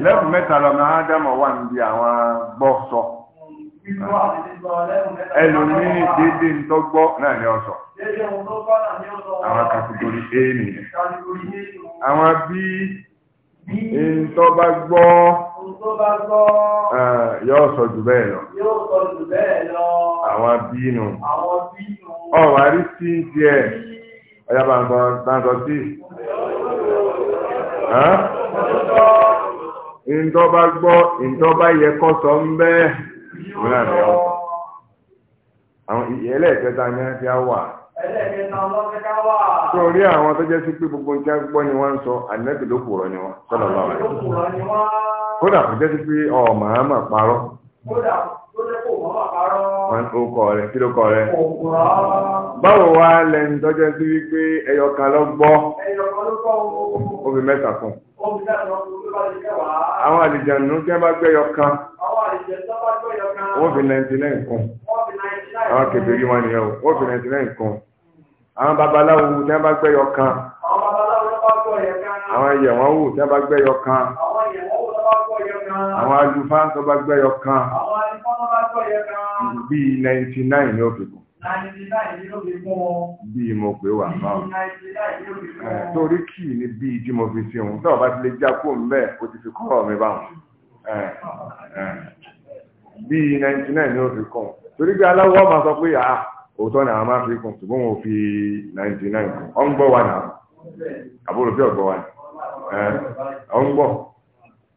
lẹ́bùn mẹ́ta lọ́mọ ádámọ̀ wà níbi àwọn gbọ́ sọ ẹlòmíì dédé ntọ́gbọ́ náà ni ọ sọ àwọn kàtìgórí a nìyẹn àwọn bí ntọ́ba gbọ́ yóò sọ jù bẹ́ẹ̀ lọ àwọn bínú ọ̀wárí sí tiẹ̀ ọ̀yàbàǹgbọ̀n gbàǹgbọ̀n sí. ntọ́ba gbọ́ ntọ́ba yẹ kọ́ sọ ń bẹ́ẹ̀ àwọn ẹlẹ́ẹ̀kẹta ni wọ́n ti wà. sórí àwọn tó jẹ́ sí pé gbogbo nǹkan gbọ́ ni wọ́n ń sọ ànẹ́bí ló kùrọ̀ ni wọ́n sọ́dọ̀ bá wà. kódà kò jẹ́ sí pé ọ̀ màá mà parọ́. kódà jẹ́ màá Okọ̀ rẹ̀ kí ló kọ rẹ̀? Báwo wá lẹ́nu tọ́jọ́ sí wípé ẹyọ kan ló gbọ́? Obì mẹ́ta fún. Àwọn àlìjànú tí wọ́n bá gbé ẹyọ kan. Wọ́n fi ninety nine kún. Àwọn kèbèrè wọn nìyẹn o. Wọ́n fi ninety nine kún. Àwọn babaláwo tí wọ́n bá gbé ẹyọ kan. Àwọn ìyẹ̀wọ̀n wò tí wọ́n bá gbé ẹyọ kan. Àwọn àlùfáà tó bá gbé ẹyọ kan. Àwọn àlùfáà tó bá gbé ẹyọ kan. bí ninety nine fi òkèkùn bí mo pè wà báwọn torí kì í ní bí tí mo fi sí òun tọ́ọ̀ bá ti lè jápò mbẹ́ o ti fi kọ́ mi báwọn bí ninety nine torí bí aláwọ̀ máa sọ pé àá ah, òótọ́ ni àwọn máa fi kùn ṣùgbọ́n wọn fi ninety nine ọ̀ ń gbọ́ wa nà àbúrò fi ọ̀gbọ́ wa nà ọ̀ ń gbọ́.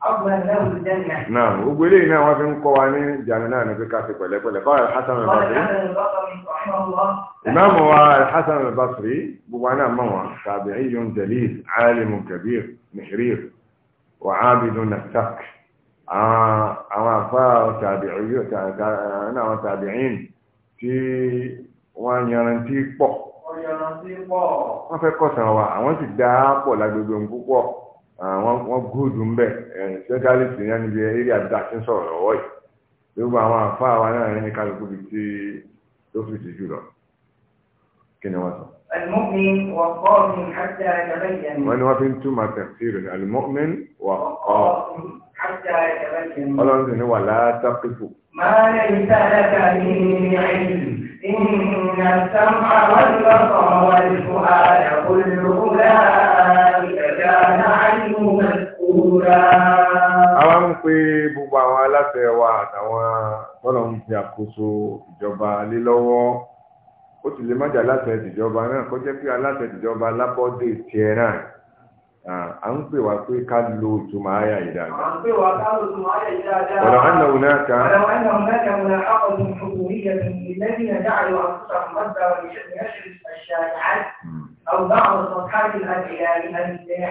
náà gbogbo eléyìí náà wọ́n fi ń kọ́ wa ní ìjànà náà ní pé ká fi pẹ̀lẹ́pẹ̀lẹ́ báwo alhassan al-basri ìmáàmù wa alhassan al-basri gbogbo wa náà mọ̀ wọn tabi'iyun jalil alimun kabir mihrir wa abidun nasak àwọn afá àwọn tabi'in tí wọ́n yanrantí pọ̀ wọ́n fẹ́ kọ̀sán wa àwọn sì dáa pọ̀ lágbègbè púpọ̀ wọ́n gúdù ń bẹ̀ ṣẹ́kálìtì yẹn níbi eré àbíta tí ń sọ̀rọ̀ lọ́wọ́ yìí gbogbo àwọn àfáà wa náà ní kálukú bíi tí tó fi ti jù lọ kí ni wọ́n sọ. المؤمن والقاسم حتى يتبين. وأنا في أنتم تفسير المؤمن والقاسم حتى يتبين. الله ولا تقف. ما ليس لك به علم إن السمع والبصر والفؤاد كل أولئك كان عنه àwa ń pe gbogbo àwọn aláṣẹ wa àtàwọn tọ́lọ̀ ń fi àkóso ìjọba lé lọ́wọ́ ó sì lè má jà aláṣẹ ìjọba náà kó jẹ́ pé aláṣẹ ìjọba lábọ́dé tiẹ̀ náà à ń pè wá pé ká lo ìtumọ̀ ayà yìí dáadáa. à ń pè wá ká lo ìtumọ̀ ayà yìí dáadáa. ọ̀rọ̀ àná òun náà ká. ọ̀rọ̀ àná òun náà ká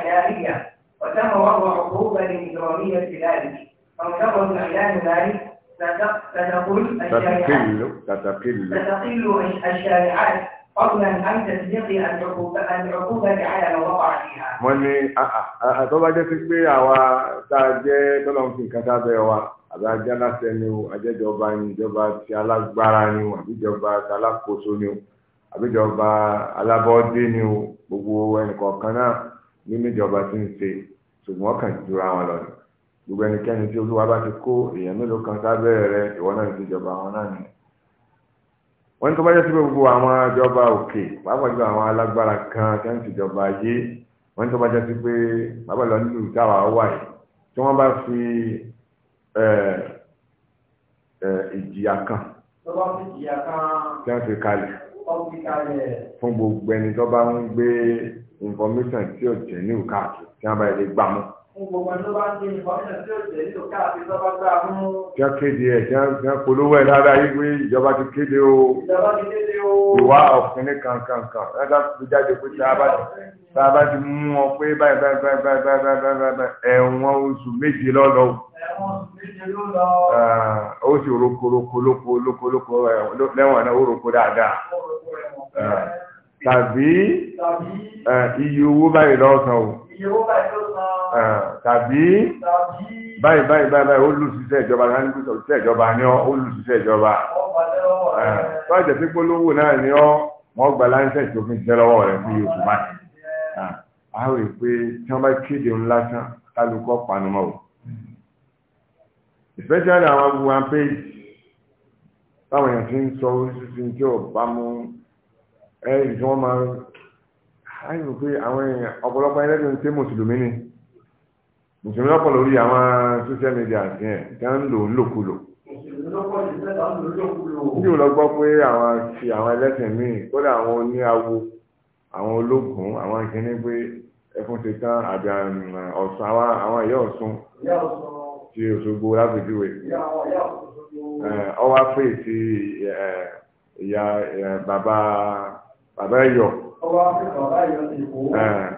wọn àyà وتتورع عقوبة لإجرامية ذلك فانتظر إعلان ذلك ستقل الشائعات تتقل تتقل الشائعات قبلا أن تسبق العقوبة على ما وقع فيها. wọ́n ní tó bá jẹ́ sí àwa tá a jẹ́ tọ́lọ́mù sí sábẹ́ wa àbí ajálàṣẹ ni o ajẹ́jọba ni ìjọba ti alágbára ni o àbíjọba ti alákòóso ni o àbíjọba alábọ́ọ́dé ni o gbogbo ẹnìkọ̀ọ̀kan náà ní méjì ọba tí ń ṣe ṣùgbọ́n kàn ju àwọn lọ ni gbogbo ẹnikẹ́ni tí olúwa bá ti kó èèyàn mélòó kan sábẹ́ rẹ̀ ìwọ náà ti jọba àwọn náà ni. wọ́n ní tó bá jẹ́ sí pé gbogbo àwọn ìjọba òkè pàápàá jù àwọn alágbára kan tí wọ́n ti jọba ayé wọ́n ní tó bá jẹ́ sí pé pàápàá lọ nílùú táwa wà yìí tí wọ́n bá fi ìjìyà kan tí wọ́n fi kalẹ̀ fún gbogbo ẹni tó bá ń gbé information tí ò jẹ́ ní òkàtù tí wọ́n bá yẹ lè gbà mú. Gbogbo ẹni tó bá ń gbé information tí ò jẹ́ ní òkàtù tó bá gbà mú. Kí wọ́n kéde ẹ̀ kí wọ́n polówó ẹ̀ dáadáa yìí pé ìjọba ti kéde o. Ìjọba ti kéde o. Ìwà ọ̀fìnrin kankankan ẹ̀dá fi jáde pé tá a bá ti mú ọ pé báyìí báyìí báyìí báyìí báyìí ẹ̀wọ̀n oṣù méje lọ́lọ́ ó sì roko roko lóko lóko lóko lẹ́wọ̀n náà ó roko dáadáa tàbí iye owó báyìí lọ́sàn o tàbí báyìí báyìí báyìí ó lù síṣẹ́ ìjọba lánìkúsọ̀ síṣẹ́ ìjọba ni ọ́ ó lù síṣẹ́ ìjọba tó àjẹ́ sí polówó náà ni ọ́ wọ́n gba láńsẹ̀ tó fi jẹ́ lọ́wọ́ rẹ̀ bí oṣù báyìí a rò pé tí wọ́n bá kéde ńlá tán especially àwọn gbogbo àpéjì táwọn èèyàn ti ń sọ oríṣiríṣi tí ò bá ẹ̀yìn tí wọ́n máa ń àyè wò pé àwọn èèyàn ọ̀pọ̀lọpọ̀ ẹlẹ́dùn ṣé mùsùlùmí ni mùsùlùmí lọ́pọ̀ lórí àwọn social media yẹn tí wọ́n ń lò ń lòkulò. bí o lọ gbọ́ pé àwọn ti àwọn ẹlẹ́sìn míì kódà àwọn oníyàwó àwọn ológun àwọn akẹ́ni pé ẹkún ti tán àbí ọ̀sùn àwọn ìyá ọ̀sùn ti Òṣogbo lápèjúwe ọwọ́ pè sí ìyá bàbá bàbá ẹ̀yọ̀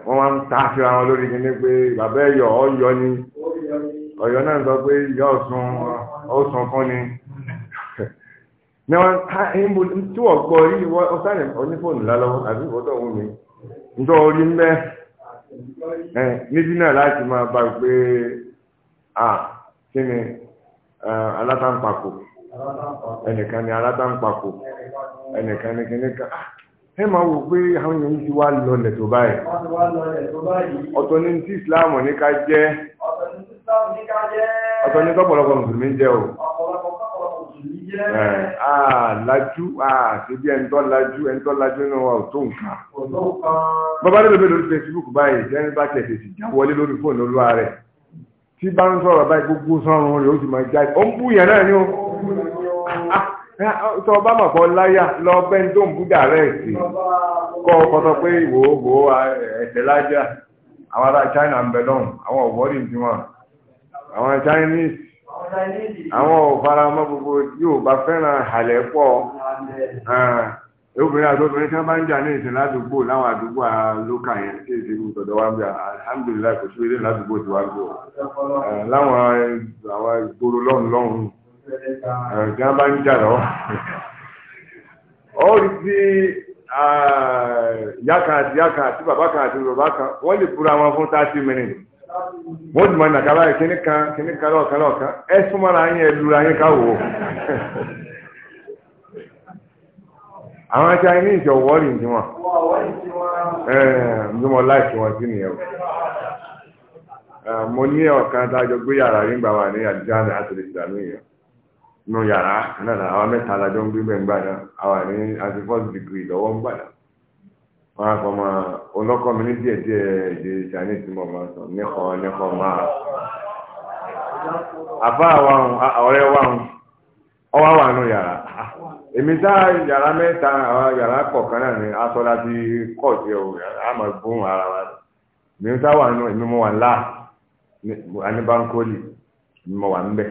wọ́n máa ń ta síra wọn lórí kíní pé bàbá ẹ̀yọ̀ ọ̀yọ́ ni ọ̀yọ́ náà sọ pé ìyá ọ̀sùn ọ̀sùn kan ni ní wọn ta ìmú tí wọ́n gbọ́ rí ọ̀sán onífóònù lálọ́wọ́ àbí ìfọ́tọ̀ wù mí ntọ́ orí ń bẹ́ ẹ nídìí náà láti máa bá pé à kí ni alátàǹpàkò ẹnìkan ni alátàǹpàkò ẹnìkan ni kíní kan ẹ máa wò pé àwọn èèyàn yìí ti wá lọlẹ̀ tó báyìí ọ̀tọ̀ ní ti ìsìláàmù ní ká jẹ́ ọ̀tọ̀ ní tọ́pọ̀lọpọ̀ mùsùlùmí jẹ́ o àlájú àtẹ́bí ẹ̀ńtọ́ lájú ẹ̀ńtọ́ lájú nínú wa ò tó nǹkan bàbá nílò bẹ́ẹ̀ lórí Facebook báyìí jẹ́ nípa tẹ̀sẹ̀ sì já wọlé lórí fóònù olúwa rẹ̀ tí bá ń sọ̀rọ̀ báyìí gbogbo sọ́run rẹ̀ ó sì máa jáde ó ń bú yẹn náà ni ó tọ́ bá mọ̀ pọ̀ láyà lọ bẹ́ ń tó ń bú dàrẹ́ẹ̀tì kọ́ ọkọ̀ pé wò ó wò àwọn ará China ń bẹ lọ́hùn àwọn ọ̀wọ́rì ń tiwọn àwọn Chinese àwọn òfara mọ́ gbogbo yóò bá fẹ́ràn àlẹ́ pọ̀ obìnrin àti obìnrin tí wọ́n bá ń jà ní ìsìn ládùúgbò láwọn àdúgbò àlókà yẹn tí èsì ìlú tọ̀dọ̀ wa ń bẹ alhamdulilayi kò sí ilé ládùúgbò tí wàá gbò láwọn ìgboro lọ́hùn lọ́hùn gan bá ń jà lọ. ó rí sí ìyá kan ati baba kan ati lè fura wọn fún thirty minutes. wọ́n ti mọ nàkàrà yìí kíní kan kíní kan lọ́ọ̀kan lọ́ọ̀kan ẹ súnmọ́ra yín ẹ lura yín ká wò ó. àwọn Chinese ní wọn. ẹ̀ẹ́dùnmọ̀ láìsí wọn sí nìyẹn o. mo ní ọ̀kan tá a jọ gbé yàrá gbà ní àti nù yàrá náà náà àwọn mẹ́ta alájọ ń gbé bẹ́ẹ̀ ń gbà náà àwọn àní àti first degree lọ́wọ́ ń gbà náà wọn á kọ́ máa olọ́kọ́ mi ní díẹ̀ díẹ̀ èdè chinese mọ̀ máa sọ nìkan nìkan máa àbá ọ̀rẹ́ wa ọwọ́ wà nù yàrá èmi tá yàrá mẹ́ta àwọn yàrá kọ̀ọ̀kan náà ni aṣọ láti kọ̀ọ̀tì ẹ̀ a máa gún ara wa èmi tá wà nù èmi mọ̀ wà ńlá ní èmi mọ̀ wà ńbẹ̀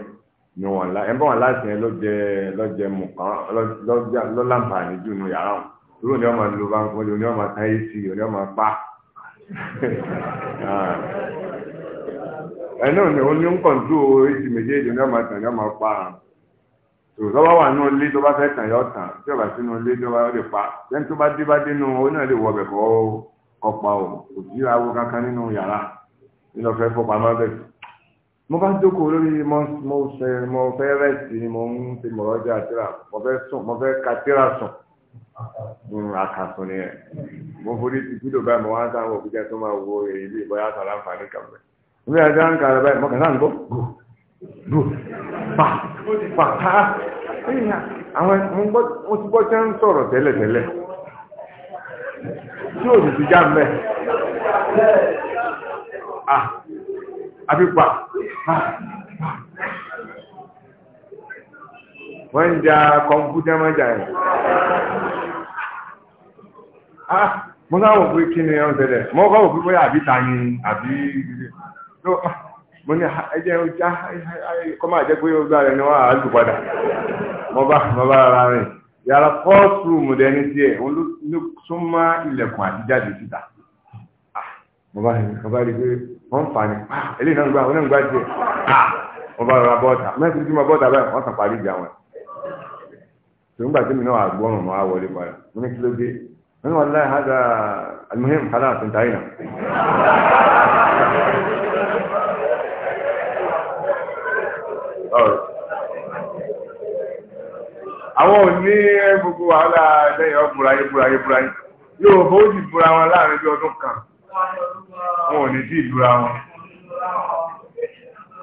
ni wọn la ẹ bá wọn láti yẹn lọjẹ lọjẹ mu kan lọjà lọlànfààní jù nù yàrá wọn lórí ni wọn máa lo báńkì wọn ni wọn máa ta ac wọn ni wọn máa pa ẹ náà ni wọn ní ń kọ̀ǹtù ac méjèèjì ni wọn máa tàn ni wọn máa pa tòtọ́wọ́ wà nínú ilé tó bá fẹ́ tàn yọ tàn tí ọba sínú ilé tó bá lè pa lẹ́yìn tó bá dé bá dé nù ó náà lè wọ ọbẹ̀ kọ́ kọ́ pa ò kò sí awo kankan nínú yàrá nínú ọ̀fẹ́ fọ́pamọ́ bẹ́ẹ̀ mo bá jókòó lórí mo fẹ́ mo fẹ́ rẹ́sì ni mo ń fi mọ̀rọ̀ jẹ́ àtìrà mo fẹ́ sùn mo fẹ́ kàtìrà sùn àkàsùn ni ẹ̀ mo forí ti kúlò báyìí mo wá ń sáwọn òkúta tó máa wo èyí bí ìbọn yàtọ̀ láǹfààní kan bẹ́ẹ̀ mo bí ajá ń kà báyìí mo kàn sáà ń gbọ́ gò gò pa pa pa àwọn mo gbọ́ mo ti gbọ́ tí wọ́n ń sọ̀rọ̀ tẹ́lẹ̀ tẹ́lẹ̀ tí òsì ti já ń àfi pa wọ́n ń ja kọ̀ǹpútà máa jà ẹ̀. Ah, mo sáwọ̀ pé kí ni ọ̀n tẹ̀lẹ̀ mo kọ́ òfin bóyá àbí ta ni àbí ah, mo ní ah, ẹjẹ́ ọjà kọ́ máa jẹ́ pé ó gbá rẹ̀ ni wọ́n á lù padà mo bá mo bá ara rìn yàrá fọ́ọ̀tù mọ̀dẹ́ni tiẹ̀ òun ló súnmọ́ ilẹ̀kùn àtijáde síta mo bá rí pé wọ́n fà ní ah, eléyìí náà gbà wọ́n náà gbà tiẹ̀ ah, wọ́n bá ra bọ́ọ̀tà mẹ́sìn tí mo bọ́ọ̀tà báyìí wọ́n kàn parí ìjà wọn. tòǹgbà tí mi náà àgbọ̀rùn máa wọlé padà mo ní kí ló dé من والله هذا المهم خلاص انتهينا àwọn òní gbogbo wàhálà lẹ́yìn ọ̀bùra yìí búra yìí búra yìí yóò bó ti búra wọn láàrin bí ọdún kan wọn ò ní tí ìlúra wọn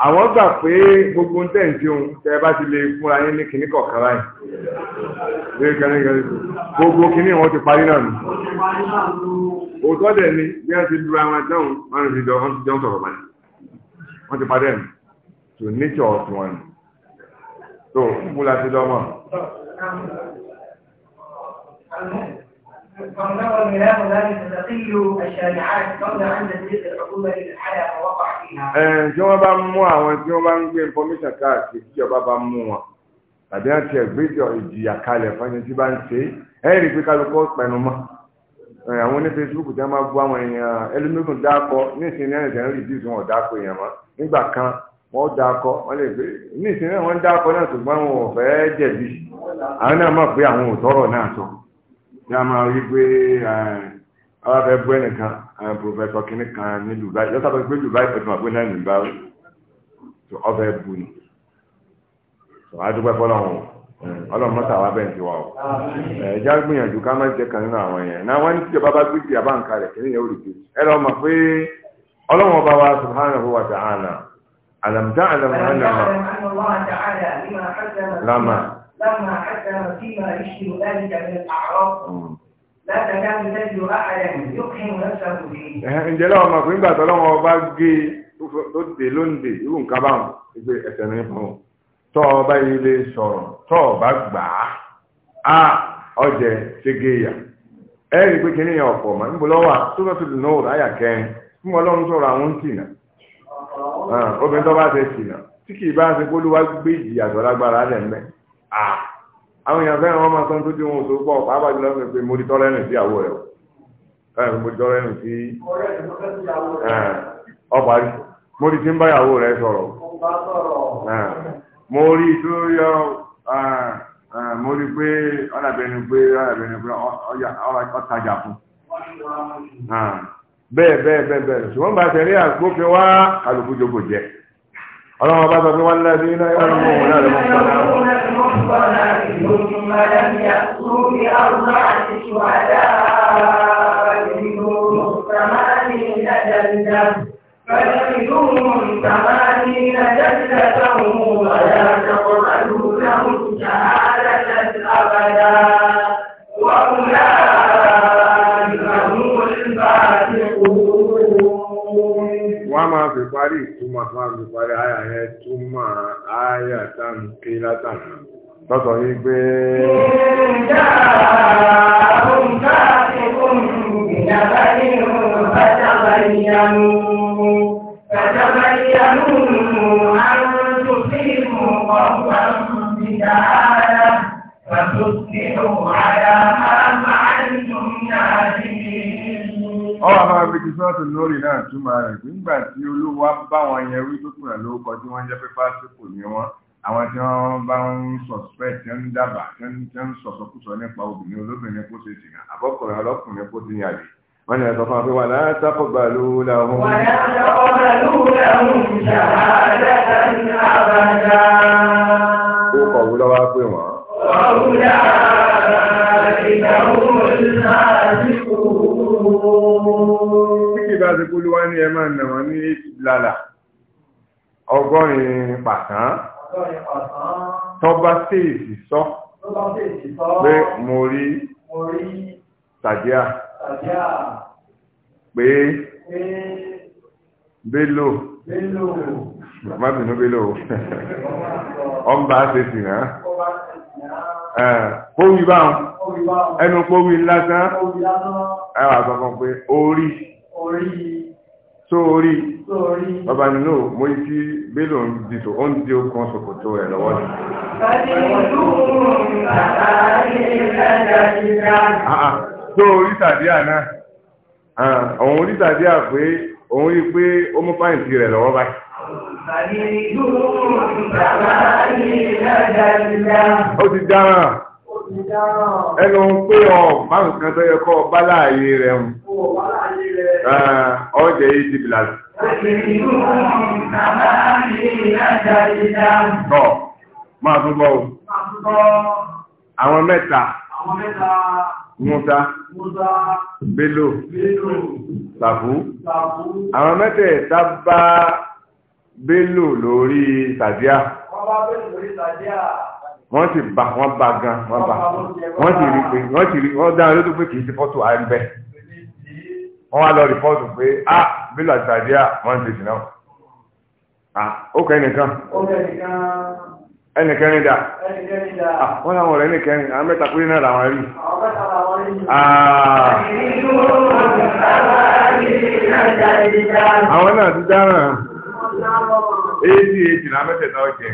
àwọn gbà pé gbogbo ń tẹ̀sí ohun tẹ́ bá ti lè fúnra yín ní kinní kọ̀ọ̀kan láì lórí kẹrin kẹrin gbogbo kinní wọn ti parí náà nù òótọ́ dẹ̀ ni bí wọ́n ti lura wọn dáhùn wọn ti jọ wọn ti jọ sọ̀rọ̀ báyìí wọ́n ti parí ẹ̀ nù tó nature ọ̀tún wọn nù tó kúkú la ti lọ́mọ. فنرى الميلاد ذلك تقل الشارعات قبل ان تسبيق الحكومه للحياه ووقع فيها. ẹ tí wọn bá mú àwọn tí wọn bá ń gbé information káàkiri tíjọba bá mú tàbí àti ẹgbẹjọ ìjìyà kalẹ̀ fún tí bá ń ṣe é ẹ pé kálukọ pẹnu mọ́ àwọn oní Facebook tí wọn máa bu àwọn èèyàn ẹlẹmẹkùn dákọ nísìnyí ẹni tẹ rí bíi wọn ò èèyàn mọ́ nígbà kan wọn ò dákọ lè gbé nísìnyí wọn dákọ náà ṣùgbọ́n wọn ò fẹ́ jẹ̀bi àwọn náà mọ̀ pé àwọn ò tọrọ náà sọ ní a máa rí pé ọba eh, fẹ́ bú ẹnìkan eh, pòfẹ́sọ̀ kìíní kan ní Dubai yọ́sà bá gbé Dubai pẹ̀lú àgbẹ̀ náà ní báwí ọbẹ̀ bú ni àdúgbẹ́ fọlọ́run eh, ọlọ́mọ́ta wa bẹ́ẹ̀ ti wà ó ẹ̀já gbìyànjú ká má jẹ́ kan nínú àwọn yẹn náà wọ́n ní tí ọba bá gbé ti àbá nǹkan rẹ̀ kìíní yẹn ó lè gbé ẹ lọ́ mọ̀ pé ọlọ́run ọba wa subhanahu wa ta'ala alam ta'lam anna lama. لما حكم فيما يشبه ذلك من الأعراض لا تكاد تجد أحدا يقحم نفسه فيه. ǹjẹ́ láwọn ọmọ fún ìgbà tọ́lọ́wọ́ ọba gé tó dé lóńdè irú nǹkan báwọn ìgbé ẹsẹ̀ ní fún un tọ́ ọba yìí lè sọ̀rọ̀ tọ́ ọba gbà á ọjẹ́ ṣégeyà ẹ rí i pé kínní yẹn ọ̀pọ̀ mọ́ níbo lọ́wọ́ àtúntò tó náà ráyà kẹrin fún ọlọ́run sọ̀rọ̀ àwọn ń obìnrin tó bá ṣe tìnà tí kì àwọn èèyàn fẹ́ràn wọn máa sọ nítorí wọn ò pọ̀ pàápàá jùlọ fún pé mo tọ́lẹ́ nù sí àwọ rẹ̀ o káyọ̀ mo di tọ́lẹ́ nù sí ọ̀pá rí ń bá ìyàwó rẹ̀ sọ̀rọ̀ tó yọ pé ọ̀làbẹ̀ni pé ọ̀làbẹ̀ni pé ọ̀tajà fún ọlọ́run bá sọ pé wọ́n lẹ́bí iná yọ ọlọ́run òun náà lọ́wọ́ pọ̀ náà. Thank you. wọ́n á máa fi parí ìtumọ̀ tó máa fi parí àyà yẹn túmọ̀ àyà táǹkì látàná lọ́sọ̀ yìí pé. ìjà òǹkà ti kún ìjàmbá nínú bàtà bàyíyanu bàtà bàyíyanu àrùn tó fi mú ọgbà ìjà àyà bàtò sí òun àyà máa. ọwọ́ àwọn abẹ́kí sọ́ọ̀tù lórí náà túmọ̀ rẹ̀ pé nígbà tí olúwa bá wọn yẹn wí tó kùnà lórúkọ tí wọ́n jẹ́ pé pásítọ̀ ni wọ́n àwọn tí wọ́n bá ń sọ̀spẹ̀t tí ń dábàá tí ń sọ̀sọ̀kùsọ nípa obìnrin olóbìnrin kó ṣe sìnà àbọ̀kùnrin ọlọ́kùnrin kó ti yàrá wọ́n lè sọ fún àfihàn wàlá taqbalu lahum. wàlá taqbalu lahum shahadatan abada. ó kọ̀ wú lọ́wọ́ pé wọ́n. ọ̀hún yàrá ìdáhùn ìlànà àdínkù. Bí kì bá ti kú ló wá ní ẹ máa nà wọ́n ní lálà. Ọgọ́rin pàtán. Tọ́ba séèsì sọ. Pé mo rí tàjíà. Pé Bélò. Má bínú Bélò. Ọmọ bá ṣe sì náà. Kó yí báwọn ẹnu pọ́wí lásán ẹ wá sọ fún pé orí sórí bàbá nínú mo yí sí bélò ń di tó ó ń di okun ṣòkòtò ẹ lọ́wọ́ ni. Ah, ah. sórí tàdíà náà ah, òun rí tàdíà pé òun rí pé ó mú pàǹtí rẹ̀ lọ́wọ́ báyìí. ó ti dáhàn ẹnu pé ọ bá nǹkan tó yẹ kọ́ bá láàyè rẹ̀ ń ọjẹ́ yìí ti bìlà. Tọ́ máa tún bọ́ o. Àwọn mẹ́ta. Musa. Bello. Sàfú. Àwọn mẹ́tẹ̀ẹ̀ta bá Bello lórí Sàdíà. Wọ́n wọ́n sì bá wọ́n bá gan wọ́n bá wọ́n sì rí pé wọ́n sì rí wọ́n dáhùn lójú pé kì í ṣe fọ́tò à ń bẹ́ wọ́n wá lọ rìpọ́ọ̀tù pé a ah, bílọ̀ àtàdé à wọ́n ń ṣèṣì náà à ah, ó kẹ́ ẹnìkan ẹnìkẹrin dà ah, wọ́n làwọn ọ̀rẹ́ ẹnìkẹrin àwọn mẹ́ta péré náà làwọn rí. àwọn náà ti dáràn eighty eighty náà mẹ́tẹ̀ẹ̀ta ọ̀jẹ̀.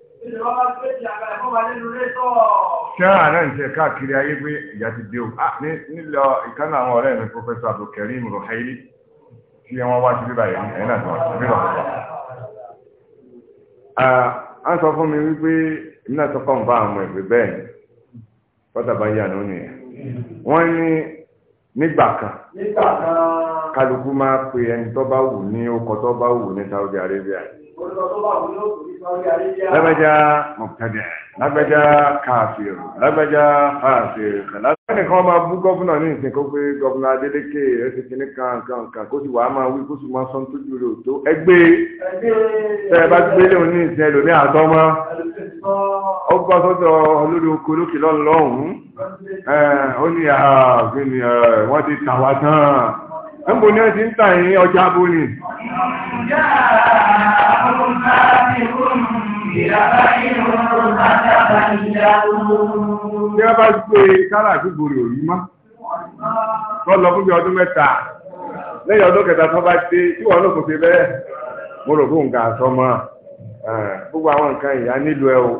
Kẹ́rà náà ń tẹ káàkiri ayé pé ìyá ti dé Ah, Nílọ ìkánná àwọn ọ̀rẹ́ mi, Pọ́fẹ́sọ̀ Abdulkareem Ruhaili, tí wọ́n wá sí bíbá yìí, ẹ̀yìn náà tọ́wọ́ sí bíbá ọ̀pọ̀. A ń sọ fún mi wípé iná tó kọ́ ń bá àwọn ẹ̀gbẹ́ bẹ́ẹ̀ ni, pọ́tàbá yà ní òní ẹ̀. Wọ́n ní nígbà kan kálukú máa pe ẹni tó lágbájá mọ̀tẹ́dẹ̀ lágbájá káàfìrì lágbájá káàfìrì lágbájá kan máa bú gọ́fúnà ní ìsìn kó pé gọ́fúnà Adélékè ẹ̀sìn kìíní kan kan kan kó sì wàá máa wí kó sì máa sọ́n tójú rẹ̀ tó ẹgbẹ́ tẹ́ ẹ bá gbé léwu ní ìsìn ẹlòmí àtọ́mọ́ ó gbọ́ sọ́dọ̀ olórí oko lókè lọ́nlọ́hùn-ún ó ní ààfin ah, ni wọ́n ti tà wá tán ẹ̀mbò ní ẹ̀sìn ń tà ní ọjà bó ní. Tí wọ́n bá gbé kára àti gbòrò yìí mọ́, wọ́n lọ fún bí ọdún mẹ́ta. Lẹ́yìn ọdún kẹta tó bá dé, tí wọ́n lókun ṣe bẹ́ẹ̀, mo rò fún nǹkan àṣọ mọ́. Gbogbo àwọn nǹkan ìyá nílò ẹ o.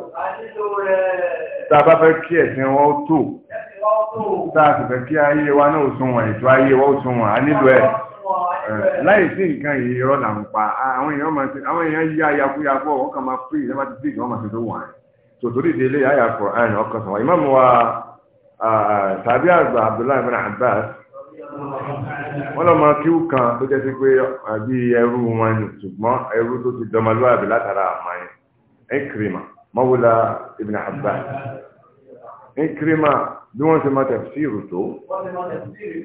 Tá fẹ́ kí ẹ̀sìn wọn tó táàkì fẹ́ kí ayé wa náà sunwọ̀n ètò ayé wa ó sunwọ̀n a nílò ẹ̀ láì sí nǹkan yìí irọ́ là ń pa àwọn èèyàn máa ti àwọn èèyàn yá yakuyaku ọ̀wọ́ kan máa fún ìjọba ti dìgbà máa ti tó wọ̀n tòtòrí ìdílé àyà kọ̀ ẹ̀rìn ọkọ̀ sọ̀rọ̀ ìmáàmù wa tàbí àgbà Abdullahi bin Abbas wọ́n lọ́ máa kíw kan tó jẹ́ sí pé àbí ẹrú wọn ni ṣùgbọ́n ẹrú tó ti dọmọlúwàbí látara àmọ́ yẹn Ikrima mọ́wúlá Ibn Abbas Ikrima bí wọ́n ṣe máa tafsiru tó kí wọ́n sì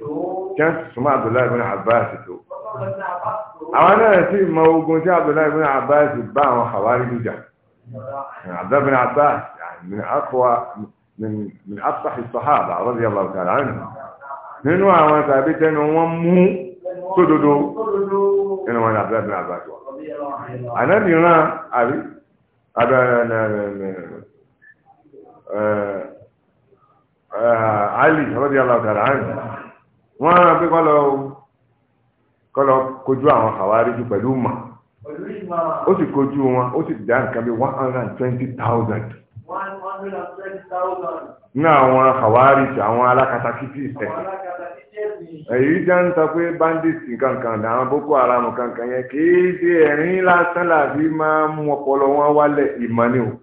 súnmọ́ Abdullahi ibn Abbas tó àwọn náà sì mọ ogun tí Abdullahi ibn Abbas bá àwọn àwárí jíjà Abdullahi ibn Abbas min aqwa min afsahi sahaba radiyallahu ta'ala anhu nínú àwọn tàbí tẹnu wọn mú sódodo nínú wọn ni Abdullahi ibn Abbas wà ànábìíràn àbí abẹ́rẹ́ Eh, ali rọ́bì aláwọ̀tàrà hàn wọ́n á pé kọ́ lọ kọ́ lọ kojú àwọn àwáríjú pẹ̀lú mà ó sì kojú wọn ó sì dá nǹkan bí one hundred and twenty thousand ní àwọn àwárí tí àwọn alákatakítí ìsẹ̀ èyí jẹ́ ń sọ pé bandits kankan àwọn boko haram kankan yẹn kì í ṣe ẹ̀rín lásán làbí máa ń mú ọpọlọ wọn wálẹ̀ ìmọ̀ ni o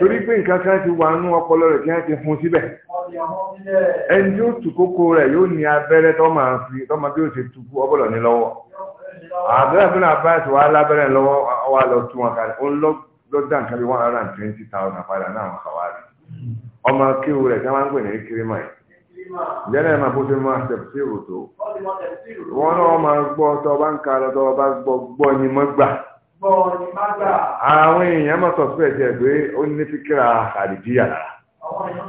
torí pé nǹkan kan ti wà nú ọpọlọ rẹ̀ kí wọ́n ti hun síbẹ̀ ẹni tí ó tù kókó rẹ̀ yóò ní abẹ́rẹ́ tó máa fi tọ́mọ bí ó ṣe tukú ọbọ̀lọ̀ ní lọ́wọ́ àbẹ́rẹ́ fún àbáyàtì wa lábẹ́rẹ́ lọ́wọ́ wa lọ tú wọn kalẹ̀ ó ń lọ dá nǹkan bí one hundred and twenty thousand padà náà wọn kàwá rí ọmọ kéwu rẹ̀ kí wọ́n ń pè ní kírímà yìí jẹ́nẹ̀ máa bó ṣe máa tẹ̀síwò tó wọ́n náà máa gbọ́ tọ́ bá ń ka lọ tọ́ gbọ́ gbọ́ ni mọ́ gbà. àwọn èèyàn máa sọ fún ẹ̀jẹ̀ pé ó ní fíkìrà àdìjíyà lára. àwọn èèyàn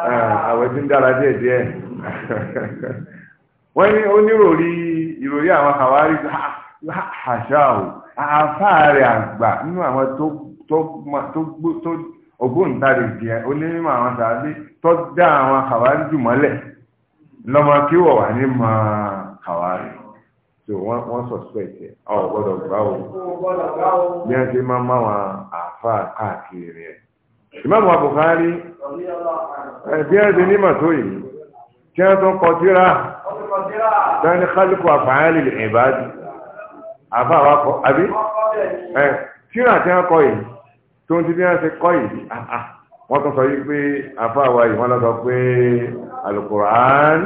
ah, dára díẹ̀ díẹ̀. wọ́n ní onye ìròrí àwọn àwárí àṣà ò àgbà nínú àwọn tó ògbóǹtarìgì onímọ̀ àwọn sàbí tó dá àwọn àwárí jù mọ́lẹ̀ lọ́mọ kí wọ̀ wà ní àwárí. so wọ́n wọ́n suspect ẹ̀ ọ̀ gbọ́dọ̀ gbá o bí wọ́n ṣe máa máa wọn àfa káàkiri ẹ̀. ìmáàmù Bukhari bí wọ́n ṣe ní màtó yìí tí wọ́n tún kọ tíra dání kálukú àfààní lè àfa wa kọ àbí ẹ tíra tí wọ́n kọ yìí tó ń ti bí wọ́n ṣe kọ yìí ah, ah. wọ́n tún sọ yìí pé àfa wa yìí wọ́n lọ sọ pé Al-Qur'an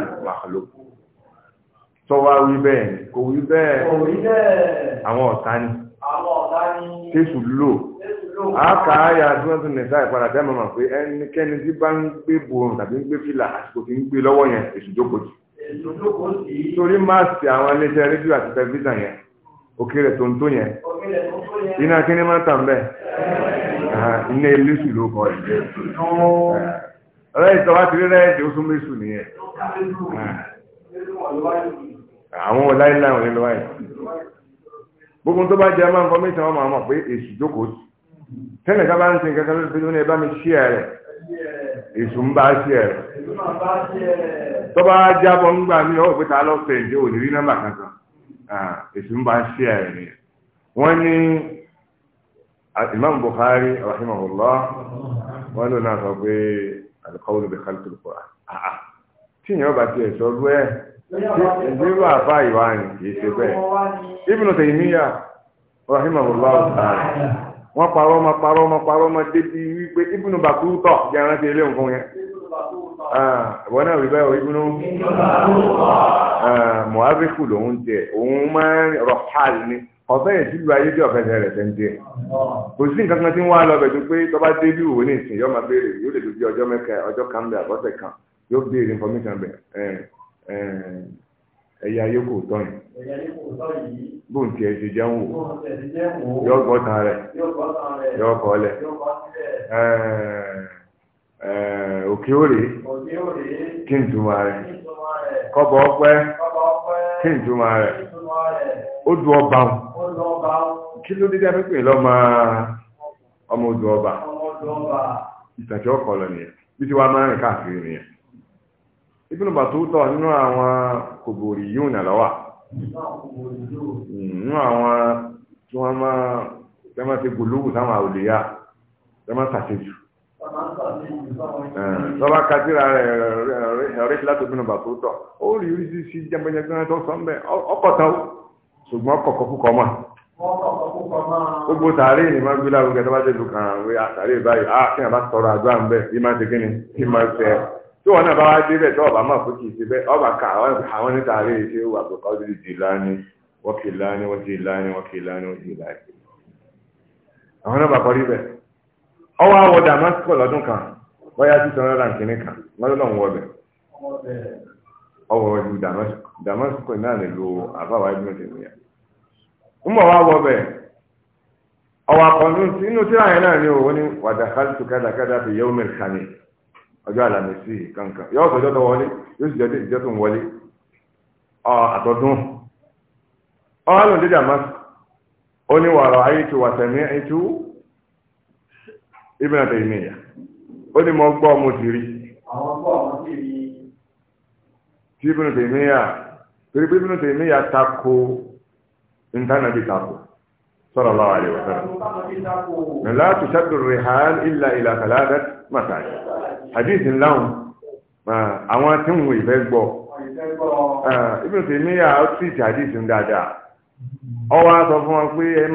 tó wá wí bẹ́ẹ̀ kò wí bẹ́ẹ̀ àwọn ọ̀tá ni tẹ́sù lò àákàáyà tí wọ́n tún nìta ìpadà tẹ́ mọ̀mọ́ pé ẹnikẹ́ni tí bá ń gbé borun tàbí ń gbé fìlà àsìkò tí ń gbé lọ́wọ́ yẹn èsù jókòó sí. torí máàsì àwọn iléeṣẹ́ rédíò àti tẹlifíṣàn yẹn òkè rẹ̀ tó ń tó yẹn iná kíní máa ń tàn bẹ́ẹ̀ iná eléṣù ló kọ ẹ̀. ọ̀rẹ́ ìtọ́wá ti rí rẹ́ẹ̀dì ó súnmọ́ èṣù nìyẹn àwọn ọláìláì wọn nílò wáyé gbogbo tó bá jẹ ọmọ information wọn máa mọ pé èsù jókòó tẹ́lẹ̀ ká bá ń sin kankan lórí fídíò ní ẹ bá mi ṣí ẹ rẹ̀ èsù ń bá ṣí ẹ rẹ̀ tó bá jábọ̀ ń gbà mí ọ̀pẹ́ ta lọ fẹ̀ ǹdẹ́ òní rí nọ́mbà kankan èsù ń bá ṣí ẹ rẹ̀ nìyẹn ní Imam Bukhari rahimahullah wọ́n lò náà sọ pé al-qawlu bi khalqil Qur'an àà tí ìyẹn ọba tiẹ̀ sọ lú ẹ̀ ìgbéró àfa ìwà ni kìí ṣe bẹ́ẹ̀ Ibn Taymiyyah rahimahullah ta'ala wọ́n parọ́ ọmọ parọ́ ọmọ parọ́ ọmọ débi wípé Ibn Battuta jẹ́ arántí ilé nǹkan yẹn ah, ìwọ náà rí bẹ́ẹ̀ Ibn Mu'arrikh lòun jẹ òun máa ń rọ̀hál ni ọ̀fẹ́ yẹn sílùú ayé tí ọ̀fẹ́ rẹ̀ tẹ̀ ń jẹ kò sí nǹkan kan tí ń wá lọ bẹ̀ tó pé tọ́ba débi òun ní ìsìn yọ́ máa béèrè yóò lè tó bí ọjọ́ mẹ́ka ọjọ́ kan bẹ̀ àbọ̀tẹ̀ kan yóò béèrè information bẹ̀ eya eh, yòókù tọ́ yìí bóun tiẹ̀ ti jẹ́ wò yọ gbọ́ tán rẹ̀ yọ kọ́ lẹ̀ eh, eh, òkè òrè kí n tuma rẹ̀ kọ́bọ̀ kí n tuma rẹ̀ ó du ọba o kí ló dé dábẹ́ pè lọ́mọ ọmọ odu ọba ìtàjọ́ nìyẹn bí ti wá máa rìn káàkiri nìyẹn. ibùdó bàtútọ̀ nínú àwọn kòbòrì yóò nà lọ́wà hmm, nínú àwọn tí wọ́n máa tẹ́ ti gbòlówù sáwọn àwòlẹ́yà tẹ́ máa tàṣejù hmm, tọ́ba katira rẹ̀ ọ̀rẹ́ ìlà bàtútọ̀ ó rí sọ ṣùgbọ́n mọ́ gbogbo tààrí ni máa gbé lárugẹ tó bá jẹ́ dùkàn àwẹ̀ àtàrí báyìí á ah, kí n àbá sọ̀rọ̀ àdúrà ń bẹ̀ bí máa ti kí ni kí tí wọn náà bá wá débẹ̀ tí ọba máa fòkì sí bẹ́ẹ̀ ọba ká àwọn níta rí i ṣe wà pẹ̀lú ọdún ìdí láni wọ́kì láni wọ́kì láni wọ́kì láni wọ́kì láni. àwọn náà bá kọ́ níbẹ̀ ọwọ́ àwọ̀ Damascus lọ́dún kan bóyá sí sọ náírà kìíní kan lọ́dún náà ń wọbẹ̀ ọwọ́ ju Damascus náà lè lo àbáwá ẹgbẹ́ tèmíyà. ń bọ̀ wá wọbẹ̀ ọwọ́ àkọ́ńtún inú tíra náà ni ọjọ́ àlàmísì kankan yóò sọjọ́ tó wọlé yóò sì jẹ́ wọlé àtọ́dún ọlọ́run dídà máa ó ní wàrà ayé tó wà tẹ̀mí ètò ibùdó àti ìmìyà ó ní mo gbọ́ mo sì rí tí tako tako. sallallahu alaihi wasallam la tushaddu rihal illa ila thalathat masajid hadith lahum àwọn tí wọ́n ìfẹ́ gbọ́ ah, Ibn Taymiyyah ó sì ti hadith ọwọ́ a fún wọn pé ẹ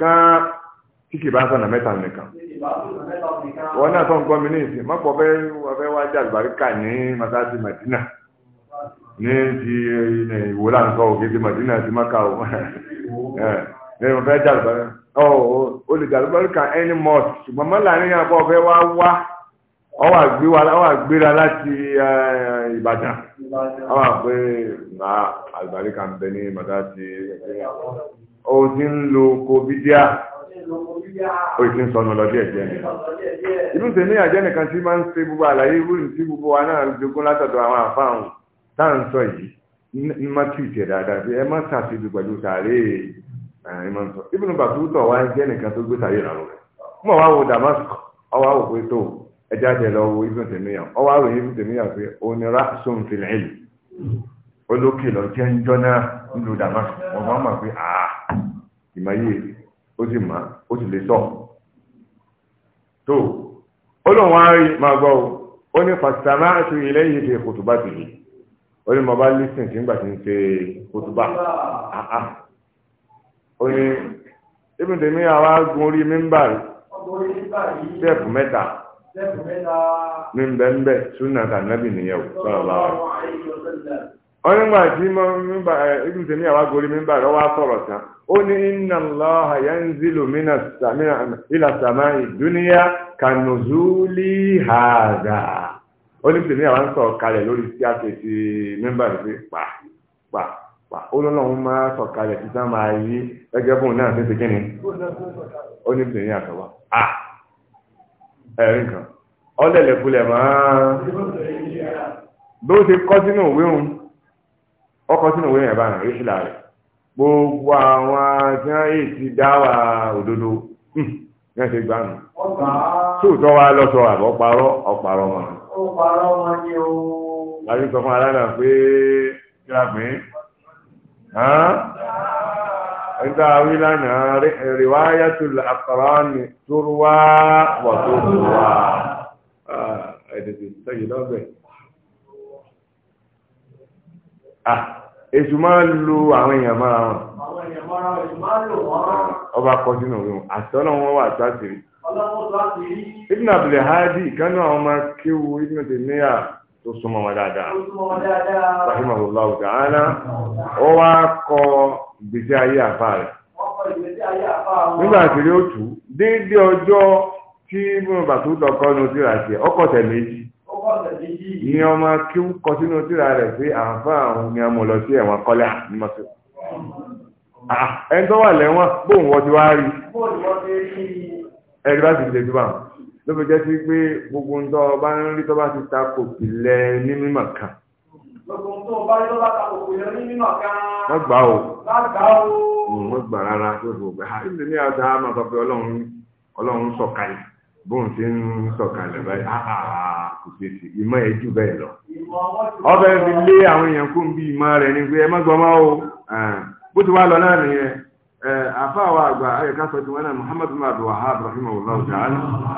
má máa tí kì bá sọ̀nà mẹ́ta nìkan. wọn náà tó ń gbọ́ mi ní ìsìn mọ́pọ̀ fẹ́ wá jà àlùbáríkà ní masáàsì Madina ní ti ìwò láǹkọ́ òkè ti Madina ti maka o ní mo fẹ́ jà àlùbáríkà ọ̀ o lè jà àlùbáríkà ẹni mọ́t ṣùgbọ́n mọ́là ní àpọ̀ fẹ́ wá wá ọwà gbéra láti Ìbàdàn ọwà pé àlùbáríkà ń bẹ ní masáàsì o ti ń lo kovidia. oṣù sọnù lọ díẹ̀ díẹ̀ nìkan inú tèmi àjẹ́ nìkan tí máa ń ṣe gbogbo àlàyé irú tí gbogbo wa náà jogún látọ̀dọ̀ àwọn àfáàhùn tá à ń sọ yìí má tì dáadáa ẹ má ṣàṣìbí sàárè ẹ má ń sọ wa nìkan tó gbé sàárè wá wo pé tó lọ wo tèmi yàn tèmi yàn pé ó sì máa ó sì lè sọ tó ó máa gbọ́ o ó ní pàṣípàmà àti ilé yìí fi kòtùbá tì yìí ó ní mo bá lísìn tí nígbà tí ń ṣe kòtùbá àá ó ní ibi tèmi àwa gun orí mímbà rí sẹ́ẹ̀pù mẹ́ta mímbẹ́ńbẹ́ súnà tànàbì nìyẹn o sọ̀rọ̀ báwa. onye nwa ji eh, ibu tèmi àwa gorí mímbà lọ́wọ́ sọ̀rọ̀ tán ó ní inna Allaha yanzilu ila samai dunya kanuzuli hadha ó ní tèmi àwa ń sọ̀rọ̀ kalẹ̀ a fẹ́ ti mímbà rẹ̀ pé pa pa pa ó lọ́nà òun máa sọ̀rọ̀ kalẹ̀ tí sá máa ni ọkọ̀ sínú ìwé yẹn bá rìn ríṣìlá rẹ̀ gbogbo àwọn tí wọ́n yìí ti dáwà òdodo ní ẹ̀ṣẹ̀ gbànú sóòtọ́ wa lọ́sọ àbọ̀ parọ́ ọ̀parọ́ mọ́ ọ̀parọ́ mọ́ ni o. láti sọ fún aláǹdà pé kí a pín ẹ̀dá wí lánàá rìwáyà tó àkàrà ni tó wá wà tó wá ẹ̀dẹ̀dẹ̀ sẹ́yìn lọ́gbẹ̀ẹ́. èṣù lo àwọn èèyàn mọ́ra wọn. àwọn èèyàn ọba kọ sínú òwe wọn àti wọn wà sásìrì. ọlọ́run sásìrì. ibùdó abdulẹ̀ hadi kánú àwọn máa kéwu ibùdó tèmíyà tó súnmọ́ wọn dáadáa. tó súnmọ́ wọn dáadáa. rahim abdullahi ta'ala ó wá kọ ìgbésí ayé àfa kọ ayé àfa ní ọmọ kí ń kọ sínú tíra rẹ̀ sí àǹfààní àwọn ni a mọ̀ lọ sí ẹ̀wọ̀n kọ́lá ní mọ́tò ẹni tó wà lẹ́wọ̀n bóun wọ́n ti wá rí ẹ̀rí bá ti ṣe tó bá wọn ló fi jẹ́ sí pé gbogbo ń tọ́ ọba ń rí tó bá ti ta kò pìlẹ̀ ní mímọ̀ kan. gbogbo ń tọ́ ọba rí ní mímọ̀ kan. wọ́n gbà ó wọ́n gbà rárá tó fi gbà á ah, ilé ní àdá máa sọ ọlọ́run sọ̀kalẹ̀. bụ ti ń bụ báyìí àhàhà ah, ah, ah, kò ṣe sí ìmọ̀ ẹ̀ jù bẹ́ẹ̀ lọ. ọbẹ̀ fi lé àwọn èèyàn kún bí ìmọ̀ rẹ̀ ni pé ẹ má o lọ afọ nìyẹn agba àwọn àgbà ayọ̀ká Muhammadu madu wahab rahimahullah ta'ala ụlọ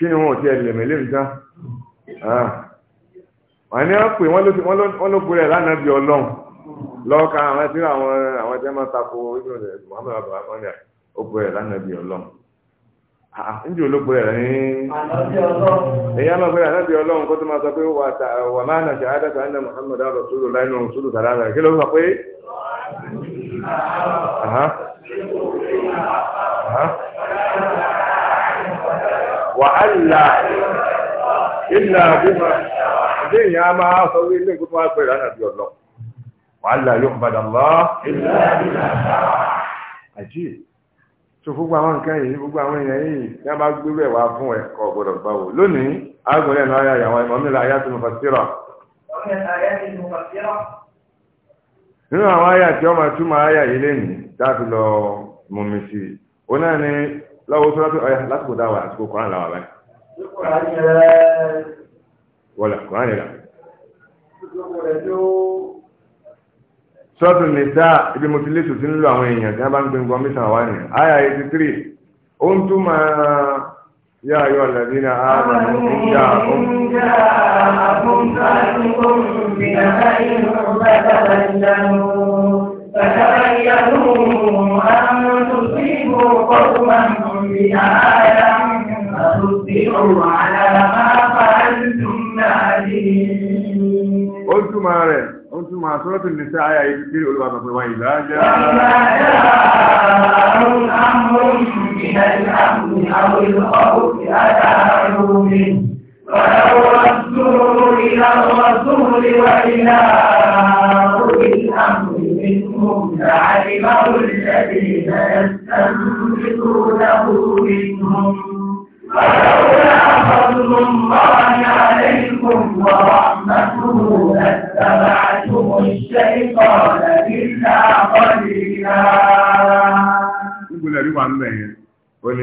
ni wọn ò tiẹ̀ lẹ̀mẹ̀lẹ́ ya Muhammadu njẹ́ ah, olóògbé rẹ̀ ní. èyí máa gbéra náà bí ọlọ́run kó tó máa sọ pé wà máa nà ṣàhádà tó ànà Muhammad rasulu láìnà rasulu sàlára kí ló sọ pé. wà á là ìlà bímọ ṣé èèyàn máa sọ wí ilé ìgbésí wa gbéra náà ọlọ́run wà á là yóò padà lọ. àjíyè tó gbogbo àwọn nǹkan yìí gbogbo àwọn èèyàn yìí tí a bá gbé bẹ̀ wá fún ẹ kò gbọdọ̀ gbà wò lónìí agbọ̀nrẹ̀ náà yà yàwọn ẹ̀mọ́ mi là ayá tó nínú àwọn àyà tí ọmọ túmọ̀ àyà yìí lénìí dáàbí lọ mọ̀mí sí i ó náà ní lọ́wọ́ sọ́dọ̀ tó ọ̀yà lásìkò dáwà àsìkò kọ́ràn làwà báyìí. wọlé kọ́ràn yìí sọ́ọ̀tù nìta ibi mo ti léṣù sí nílò àwọn èèyàn tí wọ́n bá ń gbé nǹkan mísàn wá nìyẹn àyà eighty three ó ń tún máa yá ayọ̀ ọ̀làbí ní àárọ̀ ní ìjà àbọ̀. ó túmọ̀ rẹ̀ túnmọ̀ àtúrọ́tù ní sí àyà ibi tí olúwa sọ pé wá ìlà jẹ́ Thank you. ولولا فضل الله عليكم ورحمته لاتبعتم الشيطان إلا قليلا يقول لي وعن بين قل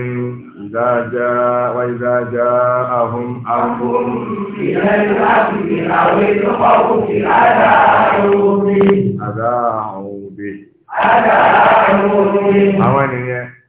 إذا جاء وإذا جاءهم أمر من الأمن أو الخوف أذاعوا به أذاعوا به أذاعوا به أوانية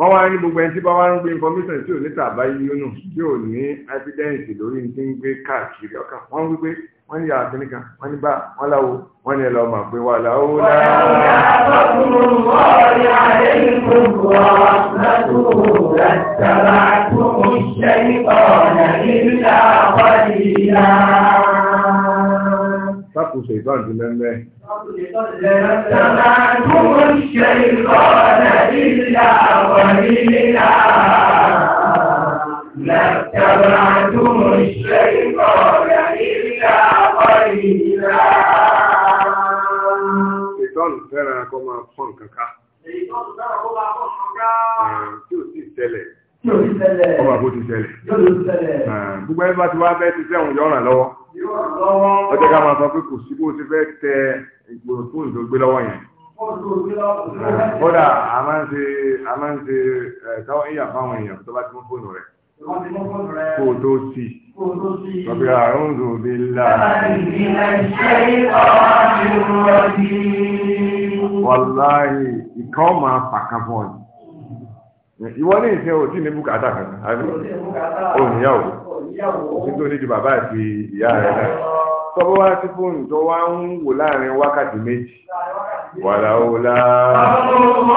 wọ́n wá ní gbogbo ẹni tí bá wá ń gbé information tí ò ní tàbá yíyónù tí ò ní evidence lórí tí ń gbé káàkiri ọkà wọ́n wí pé wọ́n ní yàrá kíníkà wọ́n ní bá wọ́n láwo wọ́n ní ẹlọ́mà pé wà láwo láwo sákòóso ìtọ́jú ti Ìtọ́nù fẹ́ràn kọ́ máa fọ́n kankan. Ìtọ́nù fẹ́ràn kọ́ máa fọ́n kankan. Tí ò sí ìtẹ́lẹ̀ ọba kò ti ṣẹlẹ̀ gbogbo ẹni ti wá bẹ́ẹ̀ ti sẹ́wọ̀n yọ̀ràn lọ́wọ́ ọjọ́ ká máa sọ pé kò sí bó ti fẹ́ tẹ ìgbòho fún ìdógbé lọ́wọ́ yẹn. kódà a máa ń ṣe a máa ń ṣe táwọn èèyàn fáwọn èèyàn tó bá ti mú fóònù rẹ̀ kó o tó sí i. Bàbá àrùn zò bí la. Wàláhì ìkan máa fàkà fún ọ. Ìwọ ní ìṣe òtí ní bùkátà kan, àbí? Òmìyàwó òsì tó nídìí bàbá àti ìyá rẹ̀ náà tọ́bọ́ wá sí fóònù tó wá ń wò láàrin wákàtí méjì wàlá òlá. àwọn tó ní bí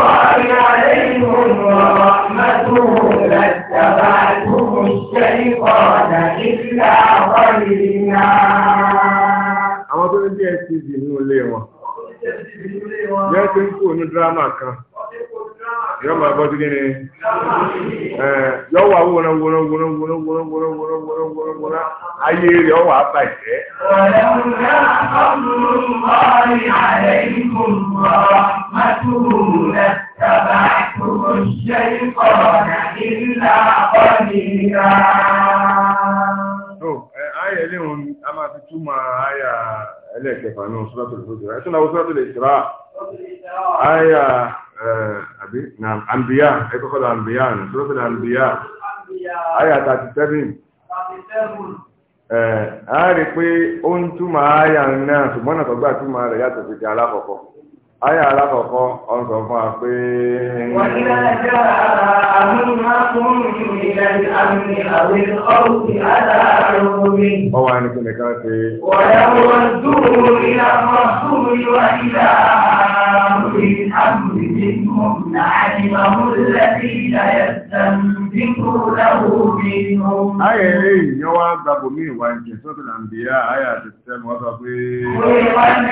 ẹ ti dì nínú ilé wọn bí ẹ ń kó inú dírámà kan yọ máa bọ́ sí kí ni yọ wà wòran wòran wòran wòran wòran wòran wòran wòran ayé rẹ̀ ọ wà á Ayẹ̀lẹ́ òun a máa fi túmọ̀ ayà ẹlẹ́ẹ̀kẹfà náà Suratul Hujurat. Ẹ̀sùn náà Suratul Isra. Ayà. àbí na àǹbíyà ẹ̀kọ́kọ́ lọ àǹbíyà nà sọ́rọ́fẹ́ lọ 37 ẹ̀ pé ó ń túmọ̀ àyà náà ṣùgbọ́n nàtọ̀gbà túmọ̀ rẹ̀ yàtọ̀ ti Ayé alákọ̀ọ́kọ́ ọ̀sọ̀ fún wa pé. Wọ́n ní lájọ́ àmì máa fún mi ní àmì àwẹ̀ ọ̀gbìn aláàárọ̀ omi. Wọ́n wá ní kíni ká ṣe. Wọ̀dà wọn dùn ní àwọn fún mi wá nílà àmì àmì mi Ayé eléyìí gbàgbọ́ mí ìwà ìjẹ́ ayé àti sẹ́nu wọ́n sọ pé. Wọ́n wá ní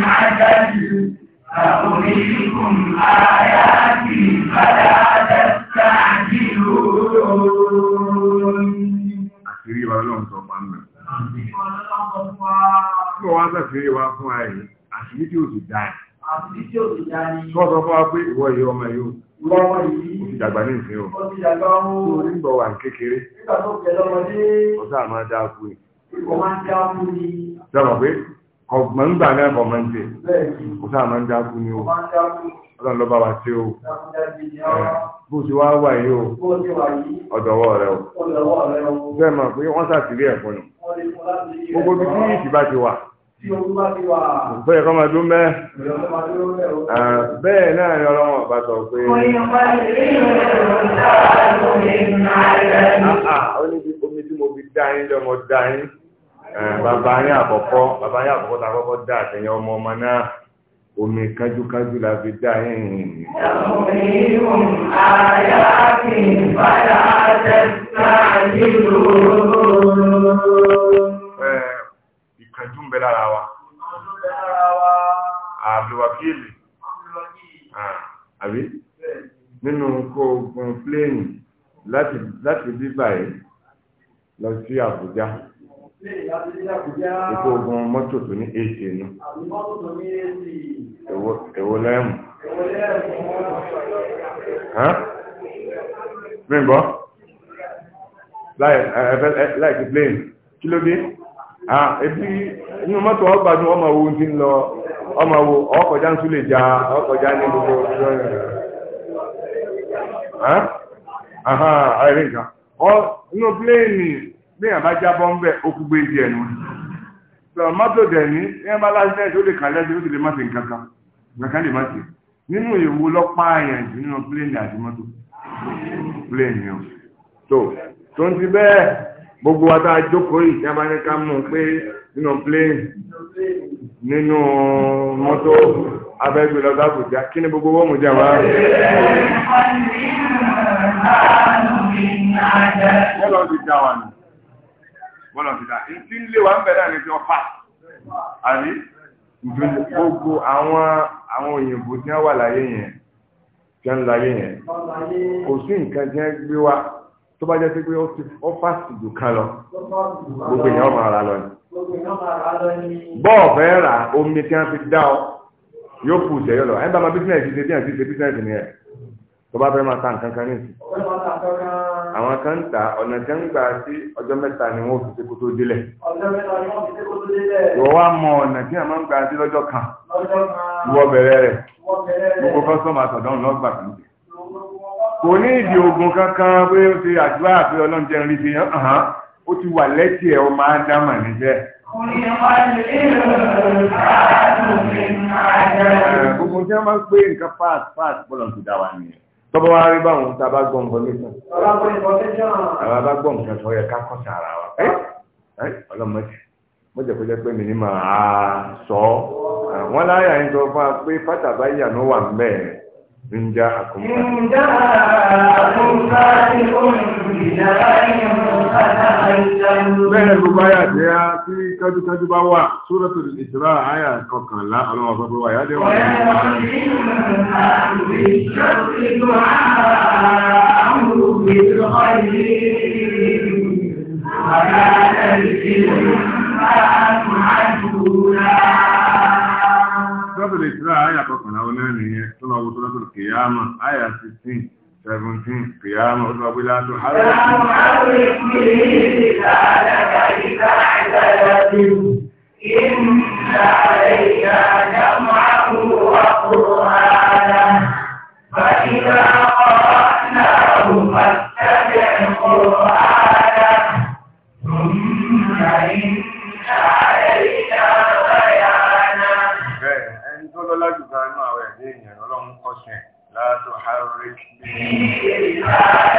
عدل فأريكم آياتي فلا تستعجلون àṣírí wa lọ́n sọ pa náà. Kí wọ́n wá sàṣírí wa fún ààrẹ, àṣírí tí ó sì dáa. Àṣírí tí ó sì dáa ni. Kọ́ sọ fún wa pé ìwọ yìí ọmọ yìí ó. Ìwọ ọmọ yìí. Ó ti dàgbà ní ìsìn o. Ó dàgbà ó. Ó ní bọ̀ wà kékeré. Nígbà tó kẹ lọ́mọdé. Ọ̀sán àmọ́ dáa kú ni. Ìwọ máa ń dáa kú ni. Sọ̀rọ̀ pé ọgbọ̀n ń gbà náà kọ̀ máa ń tẹ̀ kò sáà máa ń dákú ní o ọlọ́run ló bá wa ṣe o bó ṣe wá wà yìí o ọ̀dọ̀wọ́ rẹ o bẹ́ẹ̀ mọ̀ pé wọ́n ṣàtìlẹ́ ẹ̀kọ́ nù gbogbo ibi tí yìí bá ti wà bẹ́ẹ̀ kọ́ máa dún mẹ́ bẹ́ẹ̀ náà ni ọlọ́run ọba sọ pé omi tí mo fi dá yín lọ́mọ dá yín. Eh, bàbá yín àkọ́kọ́ bàbá yín àkọ́kọ́ ta kọ́kọ́ dá àtẹ̀yìn ọmọ ọmọ náà omi kánjúkánjú la fi dá yín yìí. ẹ̀hùn àyà kì í padà tẹ̀sán nílò. ìkánjú ń bẹ lára wa. àbúwàkìlì ah, àbí nínú kó gun pléènì láti bíbà yìí lọ sí Àbújá. Ipò ogun mọ́tò tó ní AC nù. Èwo lẹ́mù. Mímbọ́? Láì ti plane. Kí ló dé? Ebi inú mọ́tò ọgbàdún ọmọ wo ti ń lọ ọmọ wo ọkọjá ń tún lè ja ọkọjá ní gbogbo ọjọ́ ìrìn. Inú pléènì léèyàn bá jábọ́ ń bẹ̀ ó kú gbé di ẹ̀nu sọ̀rọ̀ mọ́tò dẹ̀ ní ẹ̀ máa láṣẹ́ tó lè kàn lẹ́sẹ̀ ó sì lè má ṣe nǹkan kan nǹkan kan lè má ṣe nínú ìwo lọ́pàá àyàn jù nínú pílẹ̀nì àti mọ́tò pílẹ̀nì o tó tó ń ti bẹ́ẹ̀ gbogbo wa tá a jókòó yìí tí a bá ní ká mú un pé nínú pílẹ̀nì nínú mọ́tò abẹ́gbẹ́ lọ́dọ̀ àbújá kí ni gbogbo wọ́n mú jẹ́ wá. ẹ lọ́ọ́ ti já wa nù bọ́lọ̀ ti dá ntí ń lé wa ń bẹ̀ náà ní ti ọ̀fà àbí gbogbo àwọn àwọn òyìnbó tí wọ́n wà láyé yẹn tí wọ́n láyé yẹn kò sí nǹkan tí wọ́n gbé wa tó bá jẹ́ pé pé ó fásitì jù kan lọ gbogbo èèyàn máa ra lọ ni bọ́ọ̀ fẹ́ ra omi tí wọ́n fi dá ọ yóò fún ìṣẹ́ yọ lọ ẹ̀ ń bá ma bísíǹnẹ̀sì ṣe bí àti ṣe bísíǹnẹ̀sì ni ẹ̀ tó bá fẹ́ máa ta nǹkan kan ní ìsìn àwọn kan ń ta ọ̀nà kan ń gbà sí ọjọ́ mẹ́ta ni wọ́n fi ṣe kó tó délẹ̀. ọjọ́ mẹ́ta ni wọ́n fi ṣe kó tó délẹ̀. ìwọ wá mọ ọ̀nà tí a máa ń gbà sí lọ́jọ́ kan. lọ́jọ́ kan. ìwọ bẹ̀rẹ̀ rẹ̀. ìwọ bẹ̀rẹ̀ rẹ̀. gbogbo kọ́sọ́mù àtọ̀dọ́rùn lọ́gbà kan jẹ kò ní ìdí ogun kankan pé ó ti àdúrà pé ọlọ́run jẹ́ rí fi hàn ó ti wà lẹ́tì ẹ̀ ó máa tọ́bọ̀ wá rí báwọn tá a bá gbọ́ nǹkan nìkan. àwọn bá gbọ́ nǹkan tó yẹ ká kọ́ sára wa. ọlọ́mọdé mo jẹ́ kó jẹ́ pé mi ní máa sọ ọ́. wọ́n láyà ń sọ fún wa pé fátàbáyà ló wà ń bẹ́ẹ̀. إن جاءكم فاتح من الروايات يا في كذا كذا بوا سورة الإسراء آية كوكا لا أنا ما في رواية دي وانا وانا وانا وانا وانا وانا وانا وانا sọ́tòlù ìtura àyà kọkànlá ọ̀nà nìyẹn tó lọ wo sọ́tòlù kìyàmà àyà 16 17 kìyàmà ó lọ gbé látò hàrùn. Ìyàwó àwọn ìpínlẹ̀ ìdíkà àdàkà ìdá àdàkà bí Amen.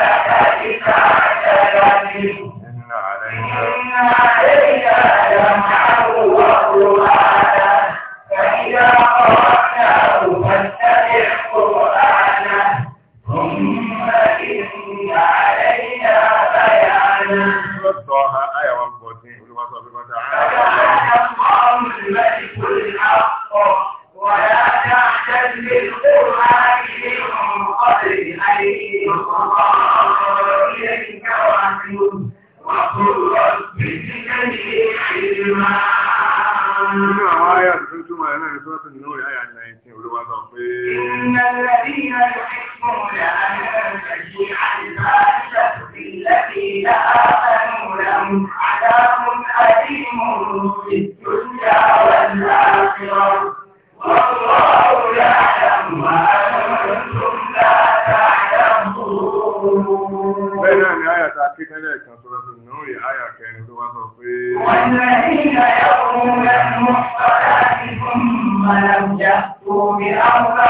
بأمر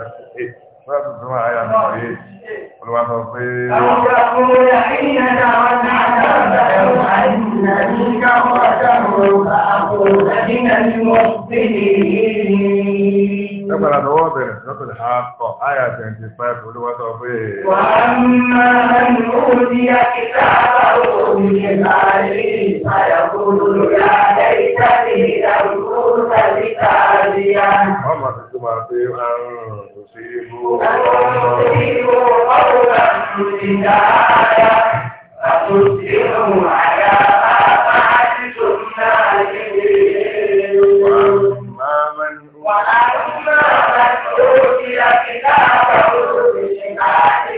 58 sọ́ọ̀tù tó wà áyà nìkan yìí olùwà sọ pé. àwọn ọ̀gá kúrò yà kí àrùn. تصيبوا قولا بداية فتصبحوا على ما فعلتم نادمين وأما من أوتي كتابه بشماله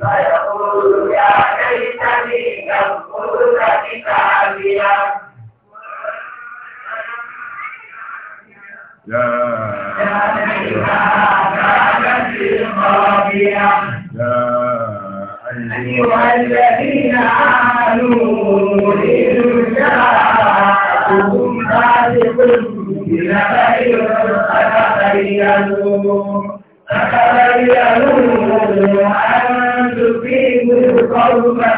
فيقول يا ليتني لم أوت كتابيه يا أيها الذين آمنوا إن جاءكم فاسق بنبأ فتبينوا فتبينوا أن تصيبوا قوما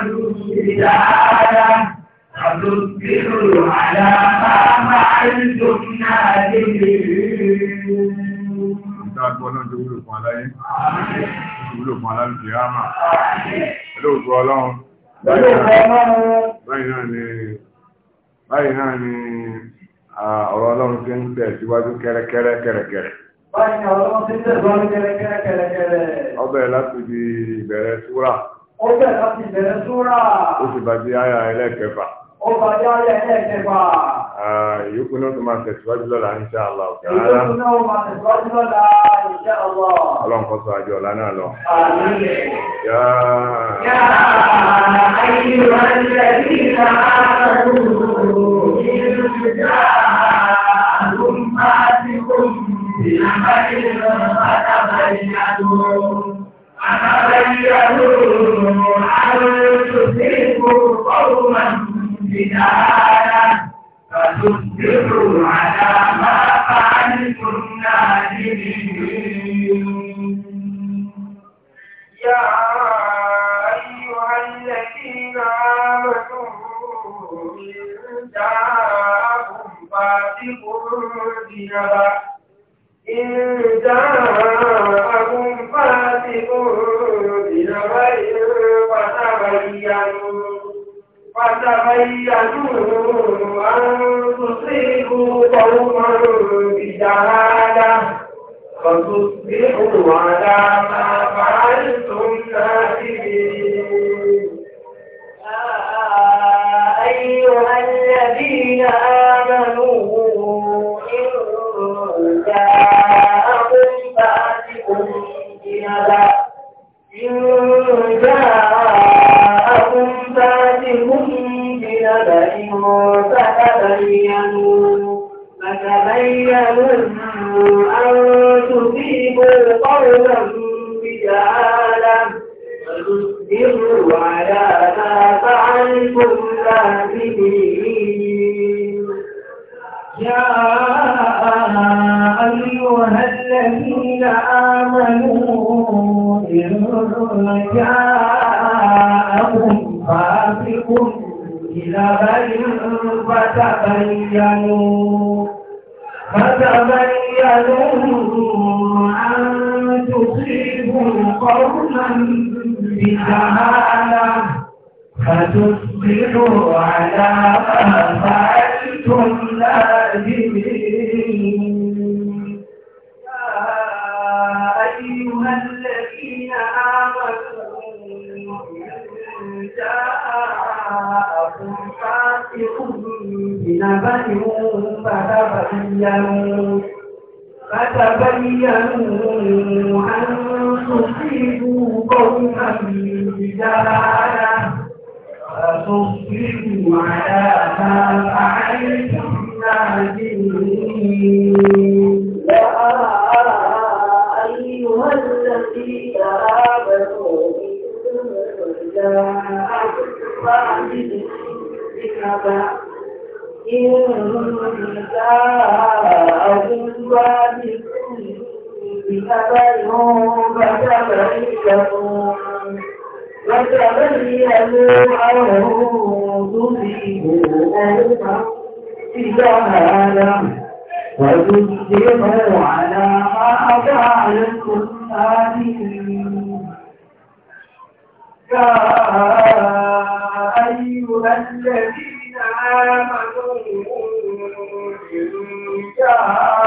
بجهالة أتصبحوا على ما فعلتم نادمين Ìdáàgbọ́ náà ti wúlò fún aláyé, ti wúlò fún aláàrùn ìyáàmà. Ẹlú òkú ọlọ́run. Báyìí náà ni ọ̀rọ̀ ọlọ́run ti ń tẹ̀ síwájú kẹ́rẹ́kẹ́rẹ́ kẹ́rẹ́kẹ́rẹ́. Báyìí náà ọlọ́run ti ń tẹ̀ síwájú kẹ́rẹ́kẹ́rẹ́ kẹ́rẹ́kẹ́rẹ́. Ọbẹ̀ láti di ìbẹ̀rẹ̀ súrà. Ó bẹ̀rẹ̀ láti ìbẹ̀rẹ̀ súrà. Ó sì bàjẹ́ àyà ẹlẹ́kẹfà ọba jáde ẹ̀ẹ́dẹ́gbà. Ìyókù náà tó máa tẹ̀síwájú lọ́la insha Allah. Ìyókù náà máa tẹ̀síwájú lọ́la insha Allah. Ọlọ́run kọ́ sọ àjọ ọ̀la náà lọ. Yá. Yá ayé wa ń jẹ́ kí ká lóòrò nínú ìjà àlùm bá ti kó mi. Àbáyé lọ bàtàbáyé àlọ́. Àbábáyé àlọ́ àlọ́ tó dé kó ọ̀rọ̀ máa ń بنانا فتصبروا على ما فعلتم نادمين يا أيها الذين آمنوا إن جاءكم فاسق بنبأ إن جاءكم فتميزوا أن تصيبوا قوما بجهالة فتصبحوا على ما فعلتم نادمين يا أيها الذين آمنوا إن جاءكم فاتكم بنبأ إن جاءكم فاتكم سبأ فتبينوا فتبينوا أن تصيبوا قولا بجهالة فتصبروا على ما فعلتم نادمين يا أيها الذين آمنوا إن جاءكم فاسق إلى كلابا فتبينوا فتبينوا أن تصيبوا قوما بجهالة فتصبحوا على ما فعلتم نادمين يا أيها الذين آمنوا إن بنبأ فتبينوا فتبينوا أن تصيبوا قوما بجهالة فتصبحوا على ما فعلتم يا أيها الذين آمنوا إن جاءكم فاعلموا وتبينوا أن تصيبوا قوما وتصبحوا على ما فعلتم آثمين يا أيها الذين آمنوا إن جاءوا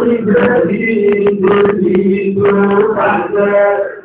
إذا جئت